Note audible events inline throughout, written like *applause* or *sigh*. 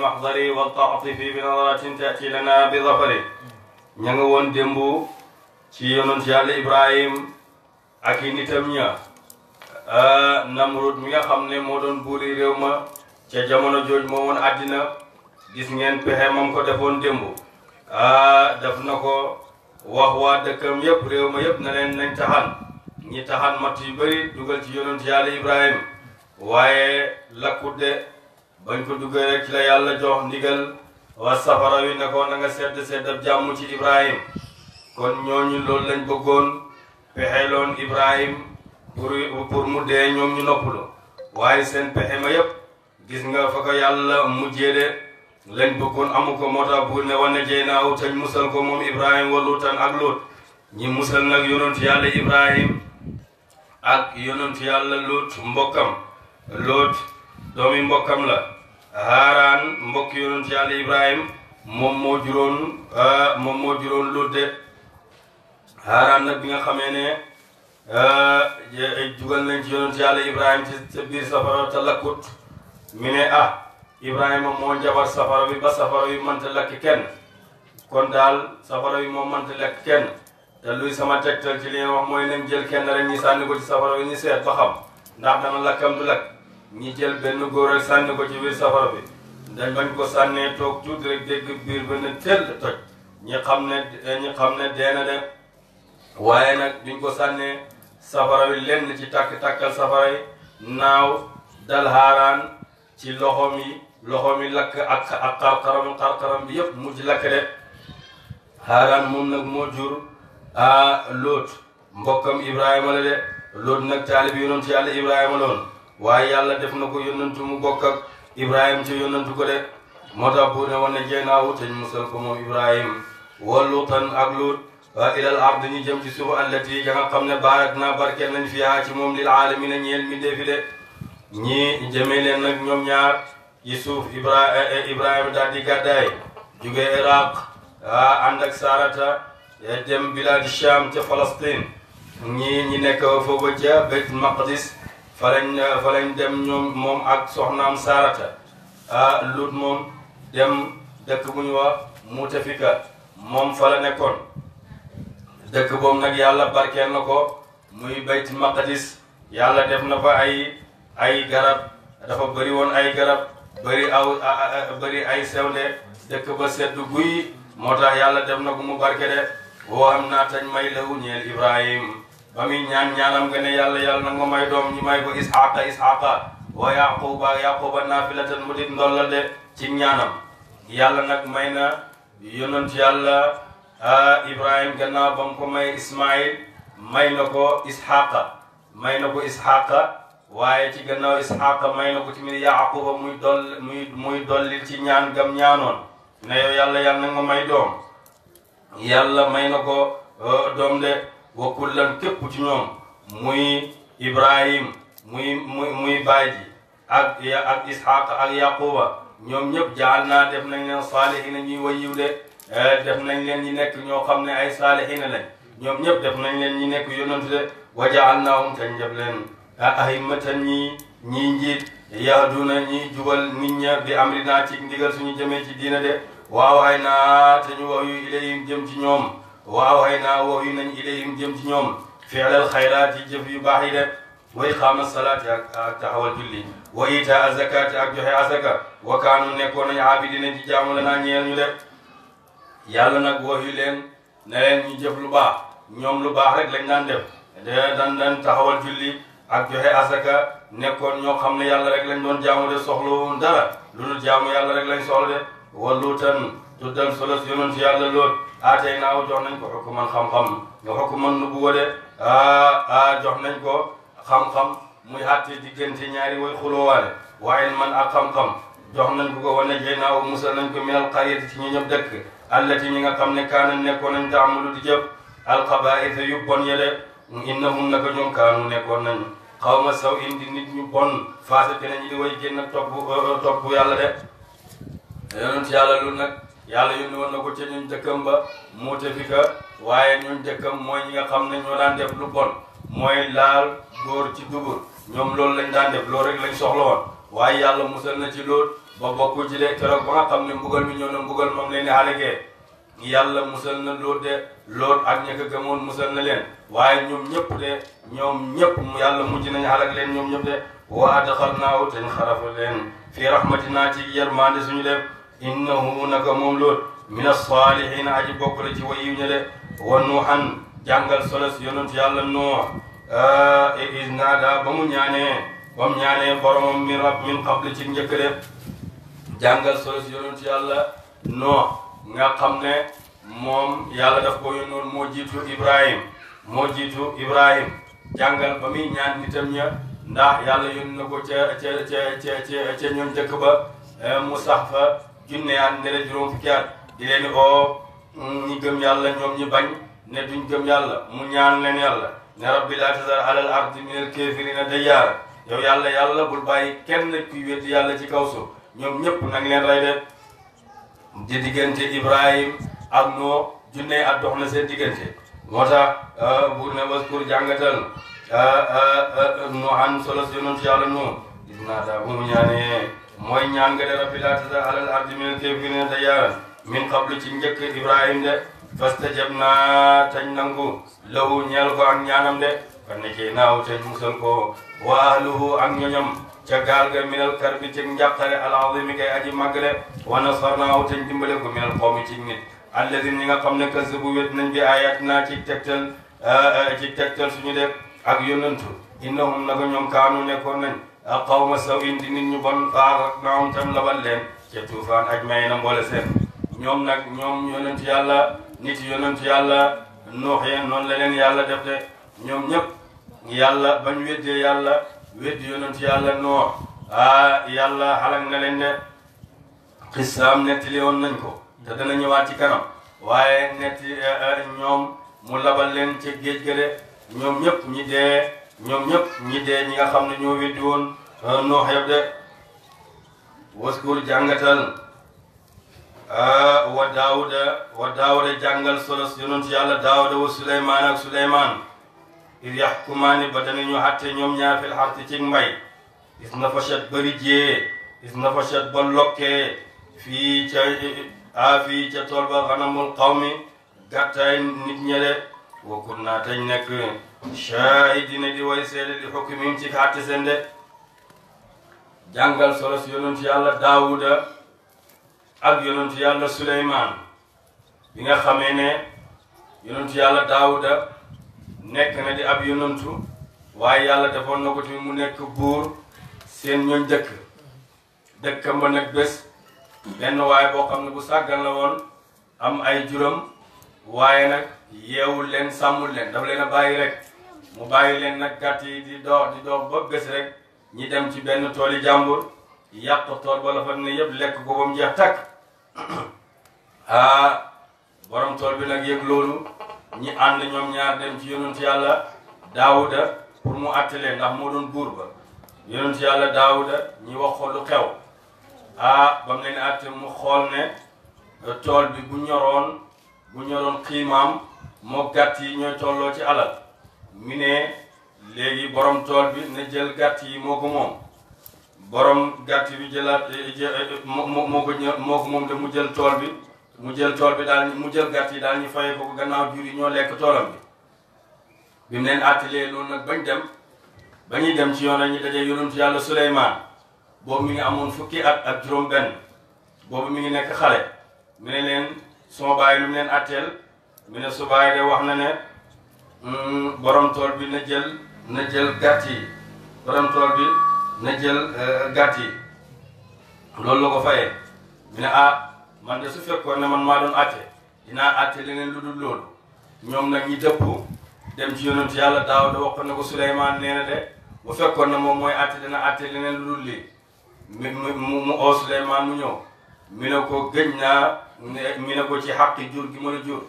maxdari wa taatifi bi nadaratin taati lana bi zafari ña nga woon démbu ci yonent yàlla ibrahim ak i nitam ña ah, namrud mi nga xam ne moo doon buuri réew ma ca jamono jooj moo woon àddina gis ngeen pexe moom ko defoon démbu ah, daf na ko wax waa dëkkam yëpp réew ma yëpp na leen nañ taxan ñi taxan matt yu bëri dugal ci yonent yàlla ibrahim waaye lakkut de bañ ko duggee rek la yàlla jox ndigal wa safara wi ne ko na nga sedd seddab jàmm ci ibrahim kon ñooñu loolu lañ bëggoon pexeloon ibrahim pour pour mu dee ñoom ñu noppalu waaye seen pexe ma yépp gis nga fa ko yàlla mujjee de lañ bëggoon amu ko moo tax buur ne wane jey naaw musal ko moom ibrahim wa luutan ak luut ñi musal nag yonentu yàlla ibrahim ak yonentu yàlla luut mbokkam luut doomi mbokkam la haaraan mbokk yonent yàlla ibrahim moom moo juróon euh, moom moo juróon Lut de haaraan na bi nga xamee ne euh, jugal nañ ci yonent yàlla ibrahim ci sa biir safara te lakkut mi ne ah ibrahima moo njabar safara bi ba safara bi mënta lakk kenn kon daal safara bi moom mënta lakk kenn te luy sama tegtal ci li wax mooy nañ jël kenn rek ñi sànni ko ci safara bi ñu seet ba xam ndax dana lakkam du lakk ñi jël benn góor ak sànni ko ci biir safara bi dañ bañ ko sànnee toog tuuti rek dégg biir ba ne tëll ñi xam ne ñi xam ne dee de waaye nag biñ ko sànnee safara bi lenn ci takk-takkal safara yi naaw dal haaraan ci loxoom yi loxoom yi lakk ak ak xarxaram xarxaram bi yëpp mujj lakk de haaraan moom nag moo jur a lóot Ibrahima la de lóot nag taalibi yonoon ci yàlla Ibrahima loon waaye yàlla def na ko yónnantu mu bokk ak ibrahim ci yónnantu ko de moo tax bu ne woon ne jeynaawu te ñu musal ko moom ibrahim wa luutan ak luut ilal ard ñu jëm ci suuf allati ya nga xam ne baarak naa barkeel nañ ci moom lil aalamina ñeel mi defi ñi ñii jëmee leen nag ñoom ñaar ci suuf ibra eh, eh, ibrahima daal di gàddaay jóge iraq ah, ànd ak sarata eh, dem bilad sham ca ñi nekk foofu ca bayt maqdis fa lañ dem ñoom moom ak soxnaam saarata ah lut moom dem dëkk bu wax mutafika moom fa la nekkoon dëkk boobu nag yàlla barkeel na ko muy bayt maqadis yàlla def na fa ay ay garab dafa bëri woon ay garab bëri aw bëri ay sewnde dëkk ba seddu guy moo tax yàlla dem na ko mu barke de woo am naa tañ may lewu ñeel ibrahim ba muy ñaan ñaanam nga ne yàlla yàlla nag may doom ñi may ko isxaqa isxaqa wa yaquba yaquba naafilatan mu dit ndollal de ci ñaanam yàlla nag may na yonent yàlla ibrahim gannaaw ba mu ko may ismail may na ko isxaqa may na ko isxaqa waaye ci ganna isxaqa may na ko ti yaquba muy doll muy dollil ci ñaan gam ñaanoon ne yow yàlla yàlla nag ma may doom yàlla may na ko uh, doom de wa kullan képp ci ñoom muy ibrahim muy muy muy baaji ak ak ishaq ak yaquba ñoom ñëpp jaal naa def nañ leen saalihina ñuy wayiw de eh, def nañ leen ñi nekk ñoo xam ne ay saalihina lañ ñoom ñëpp def nañ leen ñi nekk yonent de wa jaal naahum tañ def leen ahimmatan ñi ñii njiit yahduuna ñi jubal nit ña bi amri naa ci ndigal suñu jëmee ci diina de waawaay naa te ñu wax yu ilayhim jëm ci ñoom waaw hay naa woo nañ nañ ilayhim jëm ci ñoom fiilal xayraat yi jëf yu baax yi de way xaama salaati ak ak taxawal julli wa itaa azakaati ak joxe azaka wa kaanu nekkoon nañ aabidina ci jaamu la naa ñeel ñu de yàlla nag woo yu leen na leen ñu jëf lu baax ñoom lu baax rek lañ daan def de dan dan taxawal julli ak joxe asaka nekkoon ñoo xam ne yàlla rek lañ doon jaamu de soxlu dara lu dul jaamu yàlla rek lañ soxla de walluutan tuddal solos yonent yàlla lool aatee naaw jox nañ ko xukuman xam-xam nga xukuman nu bu wade a ah, ah, jox nañ ko xam-xam muy àtte diggante ñaari way xuloowaale waaye man ak xam-xam jox nañ ko ko wane jey naaw musal nañ ko min alqaryati ci ñu ñëpp dëkk allati ñi nga xam ne kaana nekkoon nañ taamulu di jëf alxabaisa yu bon yele innahum naka ñoom kaanu nekkoon nañ xawma saw indi nit ñu bon faase te nañu di way génn topp euh, euh, topp yàlla de yonent yàlla lu nag yàlla yónni woon na ko ca ñun dëkkam ba muute fi ka waaye ñun dëkkam mooy ñi nga xam ne ñoo daan def lu bon mooy laal góor ci dubur ñoom loolu lañ daan def loolu rek lañ soxla woon waaye yàlla musal na ci lool ba bokku ci de keroog ba nga xam ne mbugal mi ñëw na mbugal moom leen di halakee yàlla musal na lool de lool ak ña ko gëmoon musal na leen waaye ñoom ñëpp de ñoom ñëpp yàlla mujj nañu halak leen ñoom ñëpp de wa adxalnaahu te ñu xarafa leen innahu naka moom lool min as-saalihiin aji bokk la ci way yiw jàngal solos yonent yàlla nuux is naada ba mu ñaanee ba mu ñaanee boromam min rab min qabli ci njëkk de jàngal solos yonent yàlla nuux nga xam ne moom yàlla daf ko yónnoon moo jiitu Ibrahim moo jiitu Ibrahim jàngal ba muy ñaan nitam ña ndax yàlla yónn na ko ca ca ca ca ca ñoom njëkk ba mu sax junne at ne la juróom fukki at di leen oo ñi gëm yàlla ñoom ñi bañ ne duñ gëm yàlla mu ñaan leen yàlla ne bi laa tazar alal ardi min al kaafirina dayyaara yow yàlla yàlla bul bàyyi kenn kuy wéti yàlla ci kaw suuf ñoom ñëpp nag leen rey de di diggante Ibrahim ak noo junne at dox na seen diggante moo tax euh, bu ne waskur jàngatal euh, euh, nu an solos yonent yàlla nu gis naa daa bu mu ñaanee mooy ñaan nga de rabbi laa tazar alal ardi minal na dayyaaran min qablu ci njëkk Ibrahim de fastajabnaa tañ nangu lahu ñeel ko ak ñaanam de fannajaynaahu tañ musal ko wa ahluhu ak ñoñam ca gaal ga minal karbi ci njàqare al azimi kay aji màgg de wa nasarnaahu tañ dimbale ko minal qawmi ci nit alladin ñi nga xam ne kazzabu wét nañ bi ayatinaa ci tegtal ci tegtal suñu de ak yónnantu innahum naka ñoom kaanu nekkoon nañ a xawma saw in ñu bon faax na am tam labal leen ca tuufaan aj may na mboole seen ñoom nag ñoom yonent yàlla nit yonent yàlla noox yeen noonu la yàlla def de ñoom ñëpp yàlla bañ weddee yàlla weddi yonent yàlla noox ah yàlla xalag na leen de xistaam nettali woon nañ ko te dana ñëwaat ci kanam waaye netti eh, eh, ñoom mu labal leen ca géej ga de ñoom ñëpp ñi dee ñoom ñëpp ñi dee ñi nga xam na ñoo weddi woon noox yëpp de waskur jàngatal wa daawuda wa daawuda jàngal solos yonent yàlla daawuda wa suleymaan ak suleymaan iz yaxkumaani ba danañu xatte ñoom ñaar fil xarti ci mbay is nafashat bëri jee is nafashat ba lokkee fii ca a fii ca tool ba xanamul qawmi gàttaay nit ñele wa kunnaa tañ nekk shaahidina di way seede di xukmim ci xatte seen jàngal solo si yonentu yàlla daawuda ak yonentu yàlla suleymaan bi nga xamee ne yonentu yàlla daawuda nekk na di ab yonentu waaye yàlla defoon na ko mu nekk buur seen ñooñ dëkk dëkkam ba nag bés benn waaye boo xam ne bu sàggan na woon am ay juróom waaye nag yeewul leen sàmmul leen dafa leen a bàyyi rek mu bàyyi leen nag gàtt yi di dox di dox ba bés rek ñi dem ci benn tool tooli jàmbur yàq tool ba la fa ne yëpp lekk ko ba mu jeex takk *coughs* ah borom tool bi nag yëg loolu ñi ànd ñoom ñaar dem ci yonentu yàlla daawuda pour mu attelee ndax moo doon buur ba yonentu yàlla daawuda ñi wax ko lu xew ah ba mu leen atte mu xool ne eh, tool bi bu ñoroon bu ñoroon xiimaam moo gàtt yi ñooy tolloo ci alal mi ne léegi borom tool bi na jël gàtt yi moo ko moom boroom gàtt bi jëlaat eh, eh, eh, moo moo moo ko moom te mu jël tool bi mu jël tool bi daal mu jël gàtt yi daal ñu fayee ko gannaaw jur ñoo lekk toolam bi bi mu leen attilee loolu nag bañ dem ba ñuy dem ci yoon ñu dajee yonentu yàlla Suleymaan boobu mi ngi amoon fukki at ak juróom-benn boobu mi ngi nekk xale mu ne leen suma bàyyi lu mu leen atteel mu ne su de wax na ne mm, boroom tool bi na jël. na jël gàtt yi borom tool bi na jël euh, gàtt yi loolu la ko fayee mu ne ah man de su fekkoon na man maa doon àtte dinaa àtte leneen lu dul loolu ñoom nag ñi dëpp dem ci yonent yàlla daaw da waxoon na ko Suleymaan nee na de bu fekkoon ne moom mooy àtte dina àtte leneen lu dul lii mu mu oo Suleymaan mu ñëw mi ne ko gëj naa mi ne ko ci xaqi jur gi mën a jur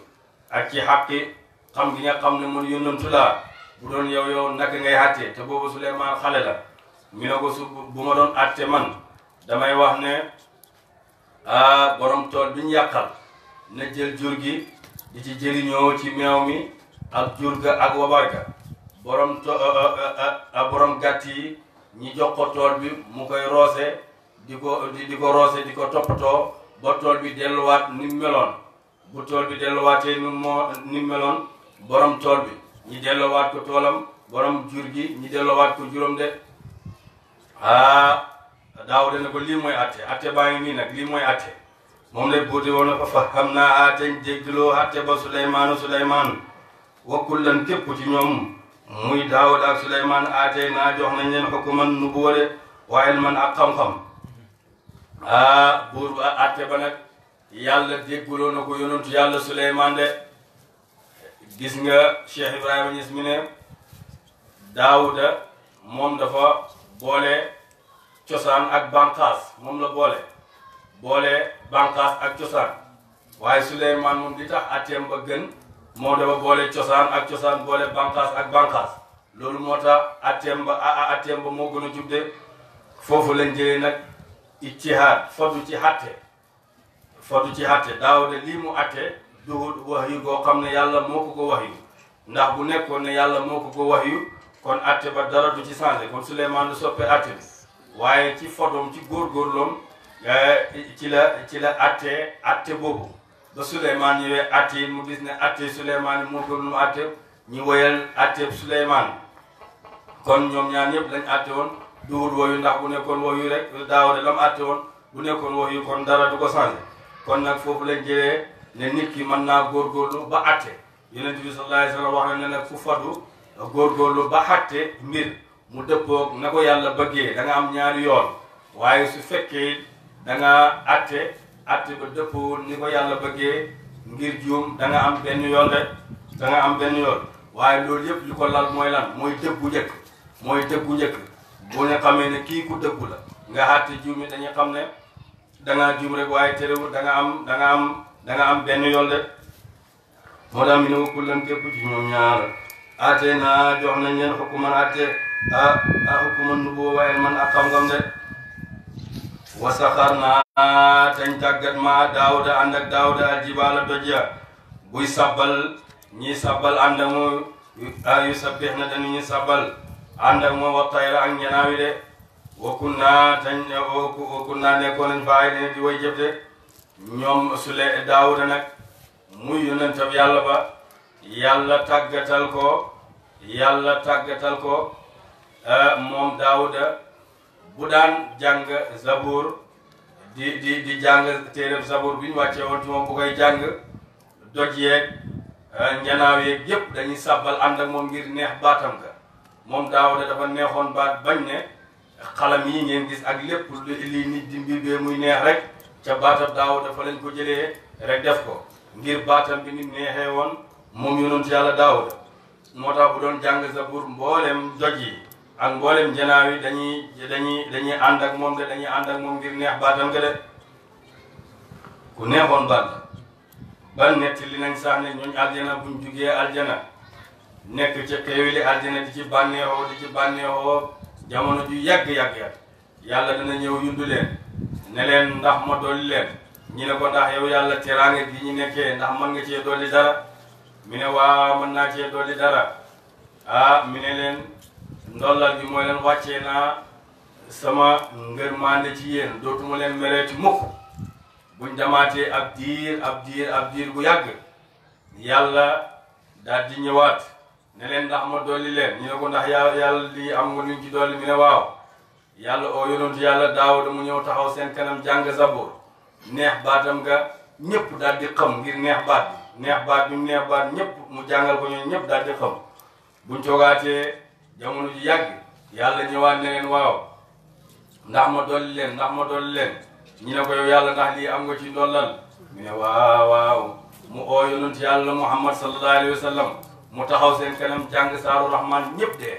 ak ci xaqi xam gi nga xam ne man yonentu laa bu doon yow yow naka ngay àttee te boobu Souleymane xale la ñu ne ko su bu ma doon àtte man damay wax ne ah borom tool bi ñu yàqal na jël jur gi di ci jëriñoo ci meew mi ak jur ga ak wabar ga borom to borom gàtt yi ñi jox tool bi mu koy roose di ko di ko roose di ko toppatoo ba tool bi delluwaat ni meloon bu tool bi delluwaatee ni moo meloon borom tool bi. ñi delloowaat ko toolam borom jur gi ñi delloowaat ko juróom de ah Daawuda ne ko lii mooy atte atte baa ngi nii nag lii mooy atte moom lay buute woon fa xam naa ateñ déggloo atte ba Suleymaanu Suleymaan wakkul lan képp ci ñoom muy Daawuda ak Suleymaan aatee naa jox nañ leen xukuman nubuwwa de waaye man ak xam-xam ah buur ba atte ba nag yàlla déggloo na ko yonentu yàlla Suleymaan de gis nga Cheikh Ibrahima Niass mi ne Daawuda moom dafa boole cosaan ak banqaas moom la boole boole bànqaas ak cosaan waaye Suleymaan moom di tax atteem ba gën moo dafa boole cosaan ak cosaan boole banqaas ak bànqaas loolu moo tax atteem ba atteem ba moo gën a jubde foofu lañ jëlee nag ijtihaad foddu ci xatte foddu ci xatte Daawuda lii mu atte duhul wax yu goo xam ne yàlla moo ko ko wax yu ndax bu nekkoon ne yàlla moo ko ko wax yu kon atte ba dara du ci changé kon Souleymane du soppe atte bi waaye ci fotoom ci góorgóorloom eh, ci la ci la atte atte boobu ba Souleymane ñëwee atte yi mu gis ne atte Souleymane moo gën mu atte ñu woyal atte Souleymane kon ñoom ñaar ñëpp lañ atte woon duhul yu ndax bu nekkoon woyu rek daaw de la woon bu nekkoon woyu kon dara du ko changé kon nag foofu lañ ne nit ki mën naa góor ba atte yonent bi sallallahu na ne nag ku fadu góorgóorlu ba atte mbir mu dëppoog na ko yàlla bëggee da nga am ñaari yoon waaye su fekkee danga nga atte ba dëppoon ni ko yàlla bëggee ngir juum da am benn yoon rek da am benn yoon waaye loolu yëpp li ko lal mooy lan mooy dëggu njëkk mooy dëggu njëkk boo ne xamee ne kii ku la nga atte juum yi dañuy xam ne da nga rek waaye terewul da nga am da am da nga am benn yoon de moo tax mi ne ko kullan képp ci ñoom ñaar ate naa jox nañ leen xukuman ate ah ah xukuman nu boo waaye man ak xam-xam de wasaxar naa tañ tàggat ma daawuda ànd ak daawuda aljibaala doj ya buy sabbal ñi sabbal ànd ak moom yu sabbix na dañu ñi sabbal ànd ak wa tayra ak njanaawi de wakun naa tañ wakun naa nekkoon nañ faay ne di way jëf de ñoom sule daawuda nag muy yonentab yàlla ba yàlla tàggatal ko yàlla tàggatal ko euh, moom daawuda bu daan jàng zabur di di di jàng téereb zabur bi ñu wàccee woon moom bu koy jàng doj yeeg euh, njanaaw yeeg yépp dañuy sàbbal ànd ak moom ngir neex baatam ga moom daawuda dafa neexoon baat bañ ne xalam yi ngeen gis ak lépp li nit di mbir bee muy neex rek ca baatam daaw dafa leen ko jëlee rek def ko ngir baatal bi ni neexee woon moom yonent yàlla daawuda moo tax bu doon jàng zabur mboolem joj yi ak mboolem janaaw yi dañuy dañuy dañuy ànd ak moom de dañuy ànd moom ngir neex baatam nga de ku neexoon baat ban netti li nañ sax ne ñooñ aljana buñ jugee aljana nekk ca xéewili aljana di ci bànneexoo di ci bànneexoo jamono ju yàgg-yàgg yàlla dana ñëw yundu leen ne ndax ma dolli leen ñi ne ko ndax yow yàlla teraange gi ñu nekkee ndax mën nga cee dolli dara mi ne waa ma naa cee dolli dara ah mi ne leen ndollal bi mooy leen wàccee naa sama ngërmande ci yéen dootuma leen mereeti mukk buñ damaatee ab diir ab diir ab diir bu yàgg yàlla daal di ñëwaat ne leen ndax ma dolli leen ñu ne ko ndax yàlla yàlla lii am nga luñ ci dolli mi ne waaw yàlla oo yonent yàlla daawuda mu ñëw taxaw seen kanam jàng zabur neex baatam nga ñëpp daal di xam ngir neex baat bi neex baat bi neex baat ñëpp mu jàngal ko ñoom ñëpp daal di xam buñ toogaatee jamono ji yàgg yàlla ñëwaat ne leen waaw ndax ma dolli leen ndax ma dolli leen ñu ne ko yow yàlla ndax lii am nga ci ndollal mu ne waaw waaw mu oo yonent yàlla muhammad sallallahu alayhi wa sallam mu taxaw seen kanam jàng saaru rahman ñëpp dee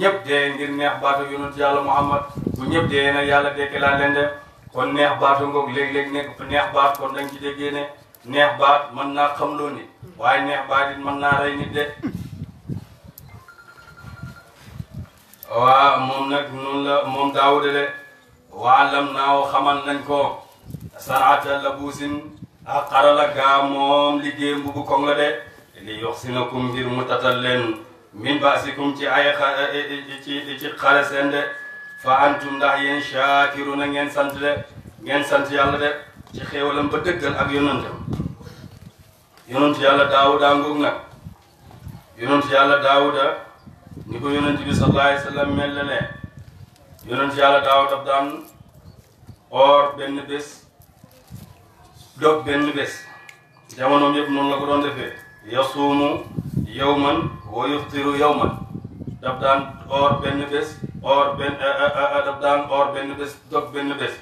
ñëpp dee ngir neex baatu yonent yàlla Muhammad bu ñëpp dee nag a dekki laa leen def kon neex baatu ngoog léeg-léeg nekk neex baat kon dañ ci déggee ne neex baat mën naa xamloo nit waaye neex baat it mën naa rey nit de waaw moom nag moom daawuda de waa lam naaw xamal nañ ko sanaata la buusin ak xarala gaa moom liggéey mbubu koŋ la de li yox si na kum ngir mu tatal leen min baasikum ci ay eh, eh, eh, ci ci xale seen de fa antum ndax yéen shaakiruna ngeen sant de ngeen sant yàlla de ci xéewalam ba dëggal ak yonentam yonent yàlla daawuda ngoog nag yonent yàlla daawuda ni ko yonent bi sallallahu alayhi mel ne yonent yàlla daawuda daan or benn bés dog benn bés jamonoom yëpp noonu la ko doon defee yasuumu yawman wa yuftiru yawman daf daan or benn bés or benn eh, eh, eh, daf daan or benn bés dog benn bés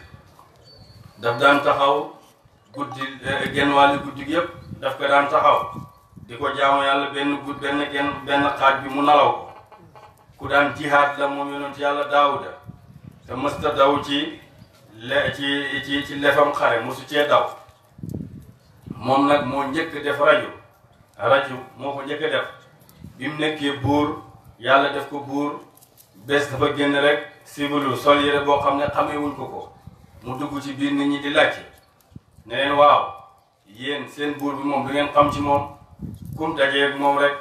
daf daan taxaw guddi genn wàllu guddi yëpp daf ko daan taxaw di ko jaamu yàlla benn gud genn benn xaaj bi mu nalaw ko ku daan jihaad la moom yonent yàlla daawuda te mësta daw ci le ci ci lefam xare mosu cee daw moom nag moo njëkk def rajo rajum moo ko njëkk def bi mu nekkee buur yàlla def ko buur bés dafa génn rek sibilu sol yére boo xam ne xamewuñ ko ko mu dugg ci biir ni ñi di laajte ne leen waaw yéen seen buur bi moom du ngeen xam ci moom kum dajeeg moom rek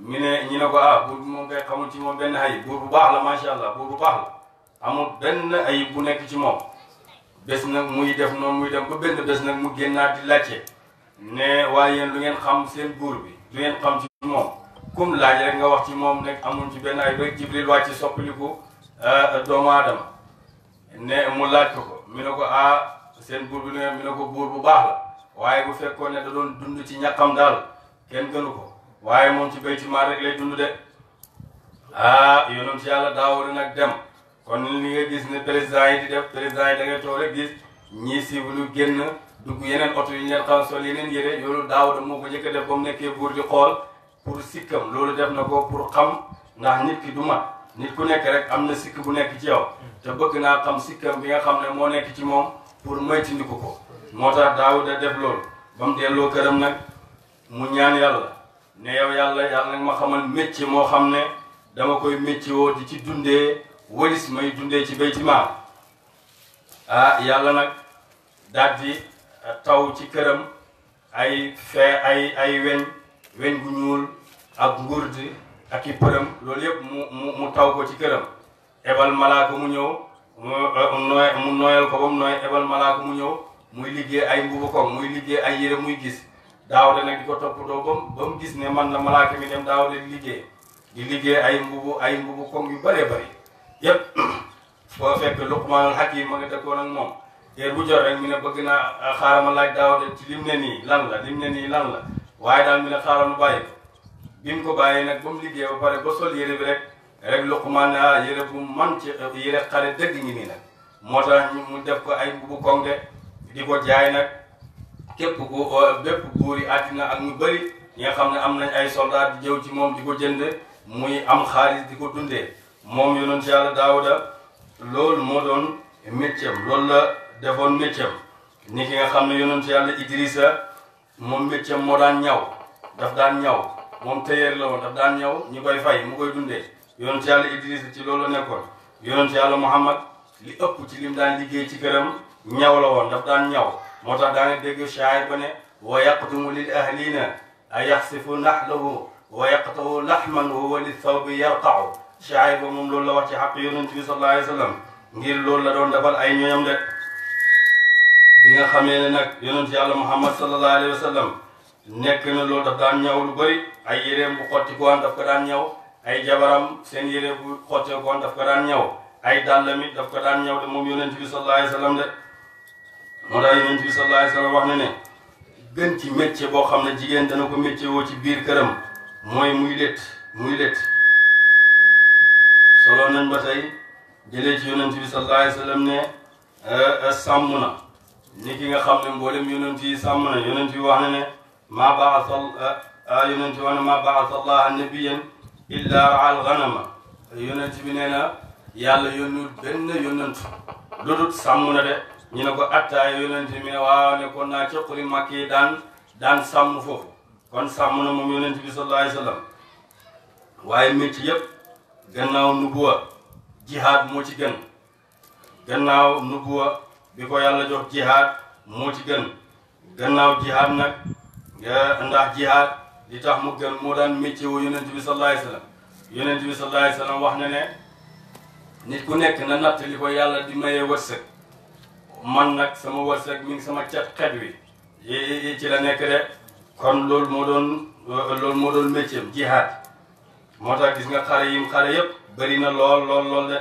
ñu ne ñu ne ko ah, moom kay xamul moom benn ayib buur bu baax la macha allah buur bu baax la amul benn ayib bu nekk ci moom bés nag muy def moom muy dem ba benn bés nag mu génnaat di laajte ne waaye yéen du ngeen xam seen buur bi du ngeen xam ci moom kum laaj rek nga wax ci moom nekk amuñ ci benn ay rek jibril wàcc soppiliku euh, doomu aadama ne mu laaj ko ko mi ne ko ah seen buur bi lu ngeen mi ne ko buur bu baax la waaye bu fekkoon ne da doon dund ci ñàkkam daal kenn gënu ko waaye moom ci béyti maa rek lay dund de ah yonent ci yàlla daawul nag dem kon li nga gis ne président yi di def yi da ngay toog rek gis ñii si lu génn dugg yeneen oto yi ñu leen xaw sol yeneen yére yoolu daaw da moo ko njëkk a def ba mu nekkee buur di xool pour sikkam loolu def na ko pour xam ndax nit ki du nit ku nekk rek am na sikk bu nekk ci yow te bëgg naa xam sikkam bi nga xam ne moo nekk ci moom pour moytandiku ko moo tax daaw da def loolu ba mu delloo këram nag mu ñaan yàlla ne yow yàlla yàlla nag ma xamal métier moo xam ne dama koy métier woo di ci dundee walis may dundee ci baytimaam ah yàlla nag daal di taw ci këram ay fee ay weñ weñ gu ñuul ak ngurdi ak i përëm loolu yëpp mu mu mu taw ko ci këram ebal malaaka mu ñëw mu nooyal ko mu nooy mu ñëw muy liggéey ay mbubu koom muy liggéey ay yére muy gis daaw de nag di ko toppatoo ba mu ba gis ne man na malaaka mi dem daaw de liggéey di liggéey ay mbubu ay mbubu koom yu bëree bëri yëpp boo *clears throat* fekk Luqmaanul Hakim ma nga dëkkoon ak moom teer bu jot rek mi ne bëgg naa ah, xaaral ma laaj daaw ci lim ne nii lan la lim ne nii lan la waaye daal mi ne xaaral ma bàyyi ko bi mu ko bàyyee nag ba mu liggéey ba pare ba sol yére bi rek rek Luqmaan ne ah yére bu man ci yére xale dëgg ngi nii nag moo tax mu def ko ay mbubu konge di ko jaay nag képp ku oh, bépp buur yi àddina ak ñu bëri ñi nga xam ne am nañ ay soldat di jëw ci moom di ko jënd muy am xaalis di ko dundee moom yonent Yàlla Daawuda loolu moo doon métier loolu defoon métier ni ki nga xam ne yonent yàlla Idrissa moom métier moo daan ñaw daf daan ñaw moom tailleur la woon daf daan ñaw ñi koy fay mu koy dundee yonent yàlla Idrissa ci loolu nekkoon yonent yàlla Muhammad li ëpp ci lim daan liggéey ci këram ñaw la woon daf daan ñaw moo tax daanga dégg shaayir ba ne wa yaqdumu lil ahlina a yaxsifu nahlahu wa yaqtahu lahman huwa li thawbi yarqa'u shaayir ba moom loolu la wax ci xaq yonent bi sallallahu alayhi wa sallam ngir loolu la doon nga xamee ne nag yonent yàlla muhammad sallallahu alayhi wa sallam nekk na loolu daf daan ñaw lu bari ay yéreem bu xotti ko woon daf ko daan ñaw ay jabaram seen yére bu xotti ko woon daf ko daan ñaw ay moom yonent bi sallallahu alayhi wa sallam de moo tax yonent bi sallallahu alayhi wax na ne gën ci métier boo xam ne jigéen dana ko métier woo ci biir këram mooy muy lett muy lett solo nañ ba tey jëlee ci yonent bi sallallahu alayhi ne euh, euh, sàmm ni ki nga xam ne mboolem yonent yi sàmm na yonent yi wax na ne maa baaxal sal yonent yi wax ne maa baaxal laaha nabiyan illaa raal ganama yonent bi nee na yàlla yónnul benn yonent lu sàmm na de ñu ne ko attaaya yonent mi ne waaw ne kon naa ci xuri màkk yi daan daan sàmm foofu kon sàmm na moom yonent bi sallallahu alayhi wa waaye métti yëpp gannaaw nubuwa jihaad moo ci gën gannaaw nubuwa bi ko yàlla jox jihaad moo ci gën gannaaw jihaad nag nga ndax jihaad li tax mu gën moo daan métier wu yonent bi sallallahu alayhi wasallam bi sallallahu alayhi wax na ne nit ku nekk na natt li ko yàlla di mayee wërsëg man nag sama wërsëg mi sama cat xet wi yi ci la nekk de kon loolu moo doon loolu moo doon métier jihaad moo tax gis nga xare yim xare yëpp bari na lool lool de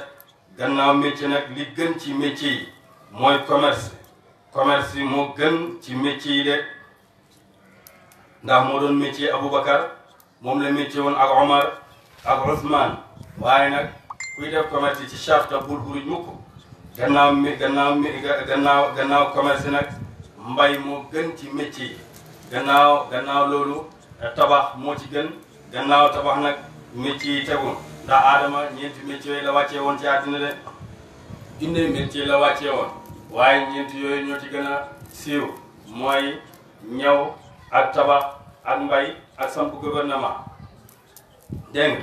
gannaaw métier nag li gën ci métier yi mooy commerce commerce yi moo gën ci métier yi de ndax moo doon métier Aboubacar moom la métier woon ak Omar ak Ousmane waaye nag kuy def commerce yi ci charte bul mukk gannaaw mi gannaaw commerce nag mbay moo gën ci métier yi gannaaw gannaaw loolu tabax moo ci gën gannaaw tabax nag métier yi tegu ndax aadama ñeenti métier yi la wàccee woon ci àddina de junne métier la wàccee woon waaye ñeent yooyu ñoo ci gën a siiw mooy ñaw ak tabax ak mbay ak samp gouvernement dégg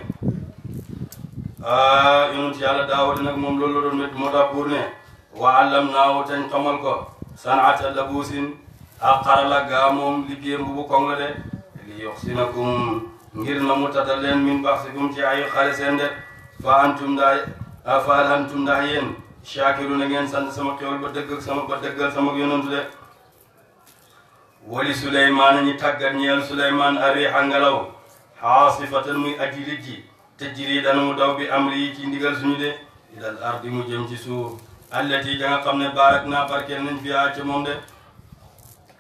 nga ah, yonent yàlla daawud nag moom loolu la doon moo tax buur ne wa allam naaw tañ xamal ko sanata labuusin ak xarala gaa moom liggéeyam bu bu de li yox sinakum ngir na mu tata leen min bax si kum ay xare seen fa antum ndaa fa antum ndaa yéen shaakiru na ngeen sant sama xéwal ba dëgg sama ba dëggal sama yonantu de wali suleymaan ñi tàggat ñeel suleymaan ariixa ngelaw xaasifatan muy aji lijji te jiri mu daw bi am yi ci ndigal suñu de ilal ardi mu jëm ci suuf allati da nga xam ne baarak naa barkeel nañ fiyaa ca moom de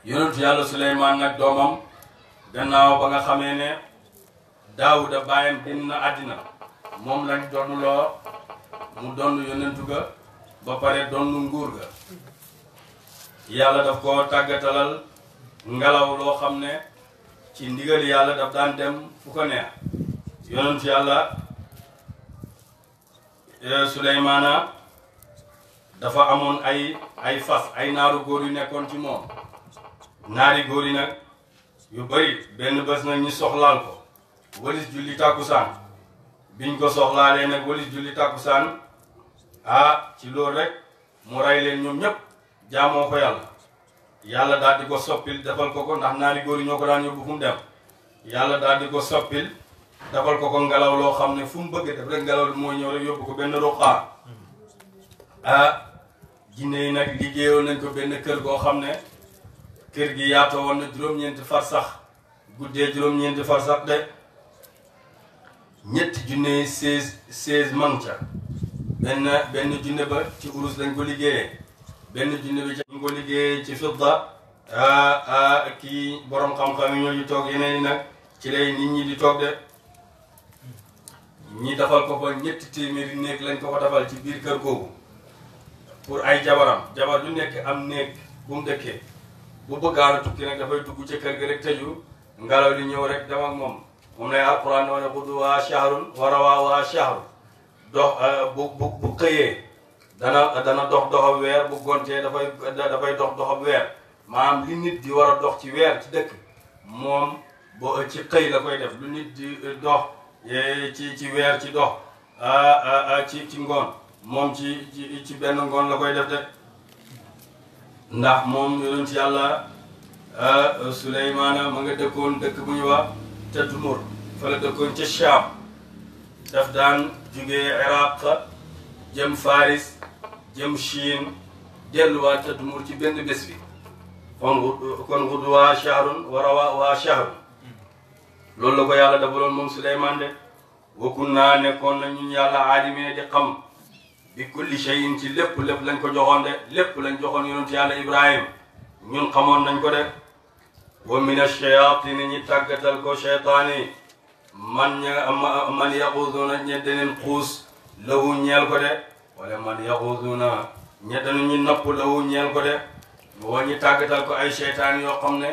yonantu yàlla suleymaan nag doomam gannaaw ba nga xamee ne daawuda bàyyam génn na àddina moom lañ donn loo mu donn yonentu ga ba pare doon nu nguur ga yàlla daf ko tàggatalal ngelaw loo xam ne ci ndigal yàlla daf daan dem fu ko neex yonent yàlla e, Suleymaana dafa amoon ay ay fas ay naaru góor yu nekkoon ci moom naari góor yi nag yu bari benn bés nag ñu soxlaal ko walis julli tàkkusaan biñ ko soxlaalee nag walis julli tàkkusaan ah ci loolu rek mu ray leen ñoom ñëpp jaamoo ko yàlla yàlla daal di ko soppil defal ko ko ndax naa góor ñoo ko daan yóbbu fu mu dem yàlla daal di ko soppil dafal ko ko ngelaw loo xam ne fu mu bëgg def rek ngelaw mooy ñëw rek yóbbu ko benn ruqaa ah jinne yi nag liggéeyoon nañ ko benn kër goo xam ne kër gi yaatoo woon na juróom-ñeenti far sax guddee juróom-ñeenti far sax de ñetti junne seize seize manca benn benn junne ba ci urus lañ ko liggéeye benn junne bi ci lañ ko liggéeyee ci fidda ah, ah, kii boroom xam-xam yi ñoo ñu toog yeneen yi nag ci lay nit ñi di toog de ñi dafal ko ko ñetti téeméeri néeg lañ ko ko dafal ci biir kër googu pour ay jabaram jabar lu nekk am néeg bu mu dëkkee bu bëggaara tukki nag dafay dugg ci kër gi rek tëju ngelaw li ñëw rek dem moom moom lay alquran ne wane xuduwaa shahrun wa rawaa waa shahrun dox euh, bu bu bu xëyee dana dana dox doxab weer bu gontee dafay dafay dox doxab weer maanaam li nit di war a dox ci weer ci dëkk moom bo ci xëy la koy def lu nit di euh, dox ci ci weer ci dox ci ngoon moom ci ci benn ngoon la koy def de ndax moom yonent yàlla Suleymaana ma nga dëkkoon dëkk bu ñu wax Dumur fa la dëkkoon ca Shaam daf daan jugee iraq jëm faris jëm chine delluwaat ca dumur ci benn bés bi kon kon wud waa shahrun wara waa waa shahrun loolu la ko yàlla dafaloon moom Suleymaan de wakkun naa nekkoon nañu ñun yàlla di xam bi kulli shay'in ci lépp lépp lañ ko joxoon de lépp lañ joxoon yonent yàlla Ibrahim ñun xamoon nañ ko de wa min ash-shayaatini ñi tàggatal ko shaytaan man ña man yaxuusuuna ñe deneen xuus lawu ñeel ko de wala man yaxuusuuna ñe dañu napp lawu ñeel ko de woo ñu tàggatal ko ay seytaan yoo xam ne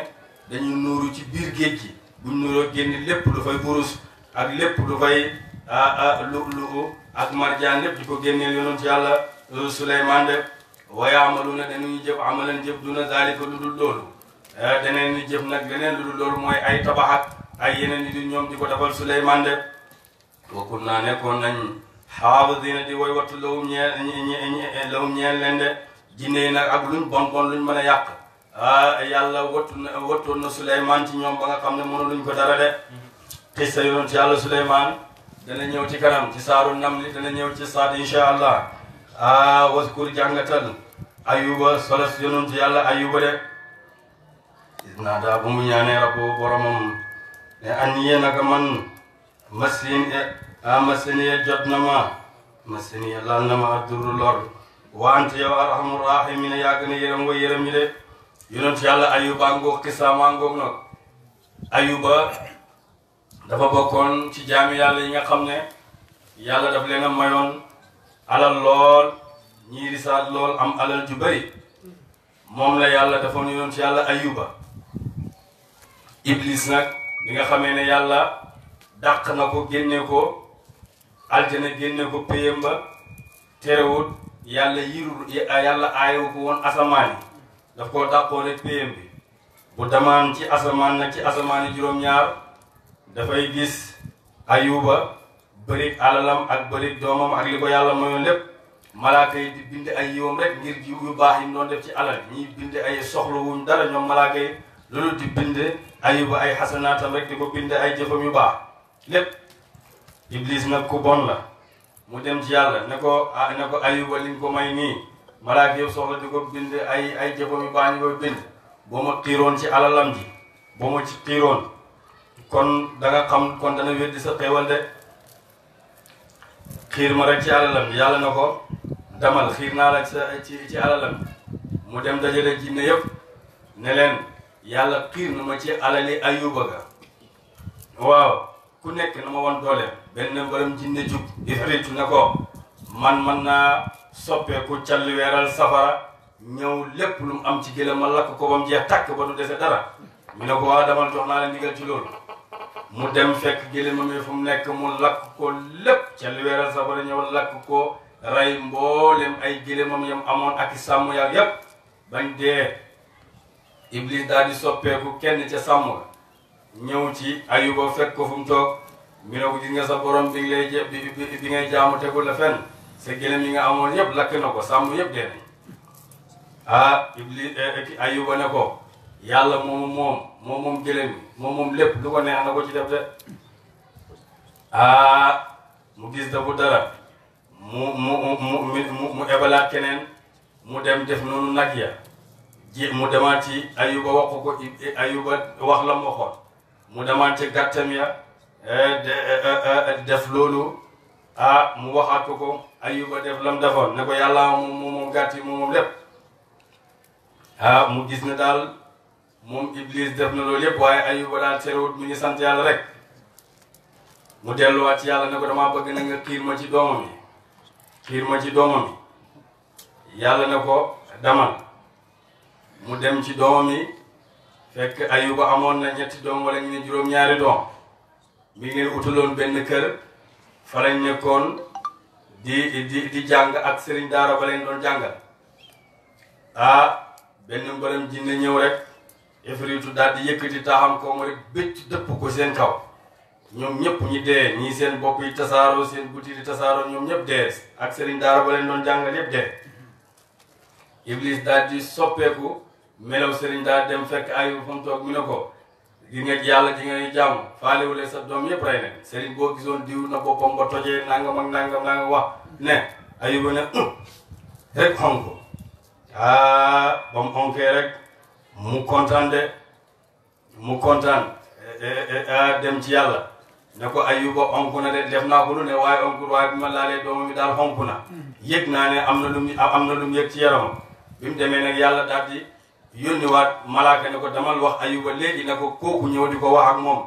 dañu nuuru ci biir géej gi buñ nuuroo génn lépp lu fay burus ak lépp lu fay lu lu ak marjaan lépp di ko génneel yonent yàlla Suleymaan de wa yaamaluuna dañuy jëf amalan jëf duna zaalika lu dul loolu eh, daneen ñu jëf nag leneen lu dul loolu mooy ay tabaxat ay yeneen yi di ñoom di ko defal Suleymaan de bokkul naa nekkoon nañ xaafidina di woy wattu lawum ñeel lawum ñeel leen de jinne yi nag ak luñ bon bon luñ mën a yàq ah yàlla wattu na wattoon na Suleymaan ci ñoom ba nga xam ne mënu luñ ko dara de xista yonent yàlla Suleymaan dana ñëw ci kanam ci saaru nam li dana ñëw ci saat insha allah ah waskur jàngatal ayuba solas yonent yàlla ayuba de is naa daa bu mu ñaanee rabbu boromam e anniye naka man masin e a masiniye jot na ma masiniye laal na ma addurru lor wante yow arhamu rahimina yaa gën a yërëm nga yërëm ñi de yonent yàlla ayuba ngoog kisaamaa ngoog nag ayuba dafa bokkoon ci jaami yàlla yi nga xam ne yàlla daf leen a mayoon alal lool ñii risaat lool am alal ju bëri moom la yàlla dafa yonent yàlla ayuba iblis nag bi nga xamee ne yàlla dàq na ko génne ko aljana génne ko péyam ba terewut yàlla yirul yàlla aayewu woon asamaan yi daf koo dàqoo rek péyam bi bu damaan ci asamaan nag ci asamaan yi juróom-ñaar dafay gis ayuba bërig alalam ak bërig doomam ak li ko yàlla mayoon lépp malaaka yi di bind ay yiwam rek ngir yu baax yi mu def ci alal ñiy bind ay soxla dara ñoom malaaka yi loolu di bind ayibu ay xasanaatam rek di ko bind ay jëfam yu baax lépp iblis nag ku bon la mu dem ci yàlla ne ko ne ko ayiba liñ ko may nii malaaka yëpp soxla di ko bind ay ay jëfam yu baax ñu koy bind boo ma xiiroon ci alalam ji boo ma ci xiiroon kon da xam kon dana weddi sa xéewal de xiir ma rekk ci alalam ji yàlla na ko demal xiir naa la ci ci alalam mu dem dajale jinne yëpp ne leen yàlla piir na ma ci alali ayuba ga waaw ku nekk na ma won dooleem benn borom jinne jub ifrit na ko man man naa soppeeku calliweeral safara ñëw lépp lu mu am ci gëlëm ma lakk ko ba mu jeex takk ba du dese dara mu ne ko waa damal naa la ndigal ci loolu mu dem fekk gëlëm mi fu mu nekk mu lakk ko lépp calliweeral safara ñëw lakk ko rey mboolem ay gëlëmam yam amoon ak sàmm yàgg yépp bañ dee iblis daal di soppee soppeeku kenn ca sàmm ga ñëw ci ayuba fekk ko fu mu mi ne ko gis nga sa borom bi ngay je bi bi la fenn sa gëlëm yi nga amoon yëpp lakk na ko sàmm yëpp dee nañ ah iblis eh, eh, ayuba ne ko yàlla moom moom moom moom moom moom lépp du ko neex na ko ci def de ah mu gis da dara mu mu mu mu mu ebalaat keneen mu dem def noonu nag ya ji mu demaat ci ayuba wax ko ayuba wax la mu mu demaat ci gàttam ya eh, eh, eh, def loolu ah mu waxaat ko ko ayuba def lam defoon ne ko yàlla moom moom gàtt yi moom lépp ah mu gis ne daal moom iblis def na loolu yëpp waaye ayuba daal terewut mu ngi sant yàlla rek mu delluwaat ci yàlla ne ko damaa bëgg na nga xiir ma ci doomam yi xiir ma ci doomam yi yàlla ne ko demal mu dem ci doomam mi fekk ayuba amoon na ñetti doom wala ñu ne juróom-ñaari doom mi ngi leen utaloon benn kër fa lañ di di di jàng ak sëriñ daara ba leen doon jàngal ah benn mbaram jinne ñëw rek ifritu daal di yëkkati taaxam koomu rek bëcc dëpp ko seen kaw ñoom ñëpp ñi dee ñii seen bopp yi tasaaroo seen buti di ñoom ñëpp ak sëriñ daara ba leen doon jàngal yëpp dee di soppeeku melaw sëriñ daa dem fekk ayib fa mu toog mu ne ko gi nga yàlla gi ngay jàmm faalewule sa doom yëpp rey ne sëriñ boo gisoon diw na boppam ba tojee nangam ak nangam nangam wax ne ayuba ne rek xonk ah ba mu xonkee rek mu kontaan de mu kontaan eh, eh, eh, ah, dem ci yàlla ne ko ayuba onk na de def naa ko ne waaye onk waaye bi ma laalee doomam bi daal xonk na hmm. yëg naa ne am na lu mu am na lu mu ci yaramam mu demee nag yàlla daal di yónniwaat malaaka ne ko damal wax ayuba léegi ne ko kooku ñëw di ko wax ak moom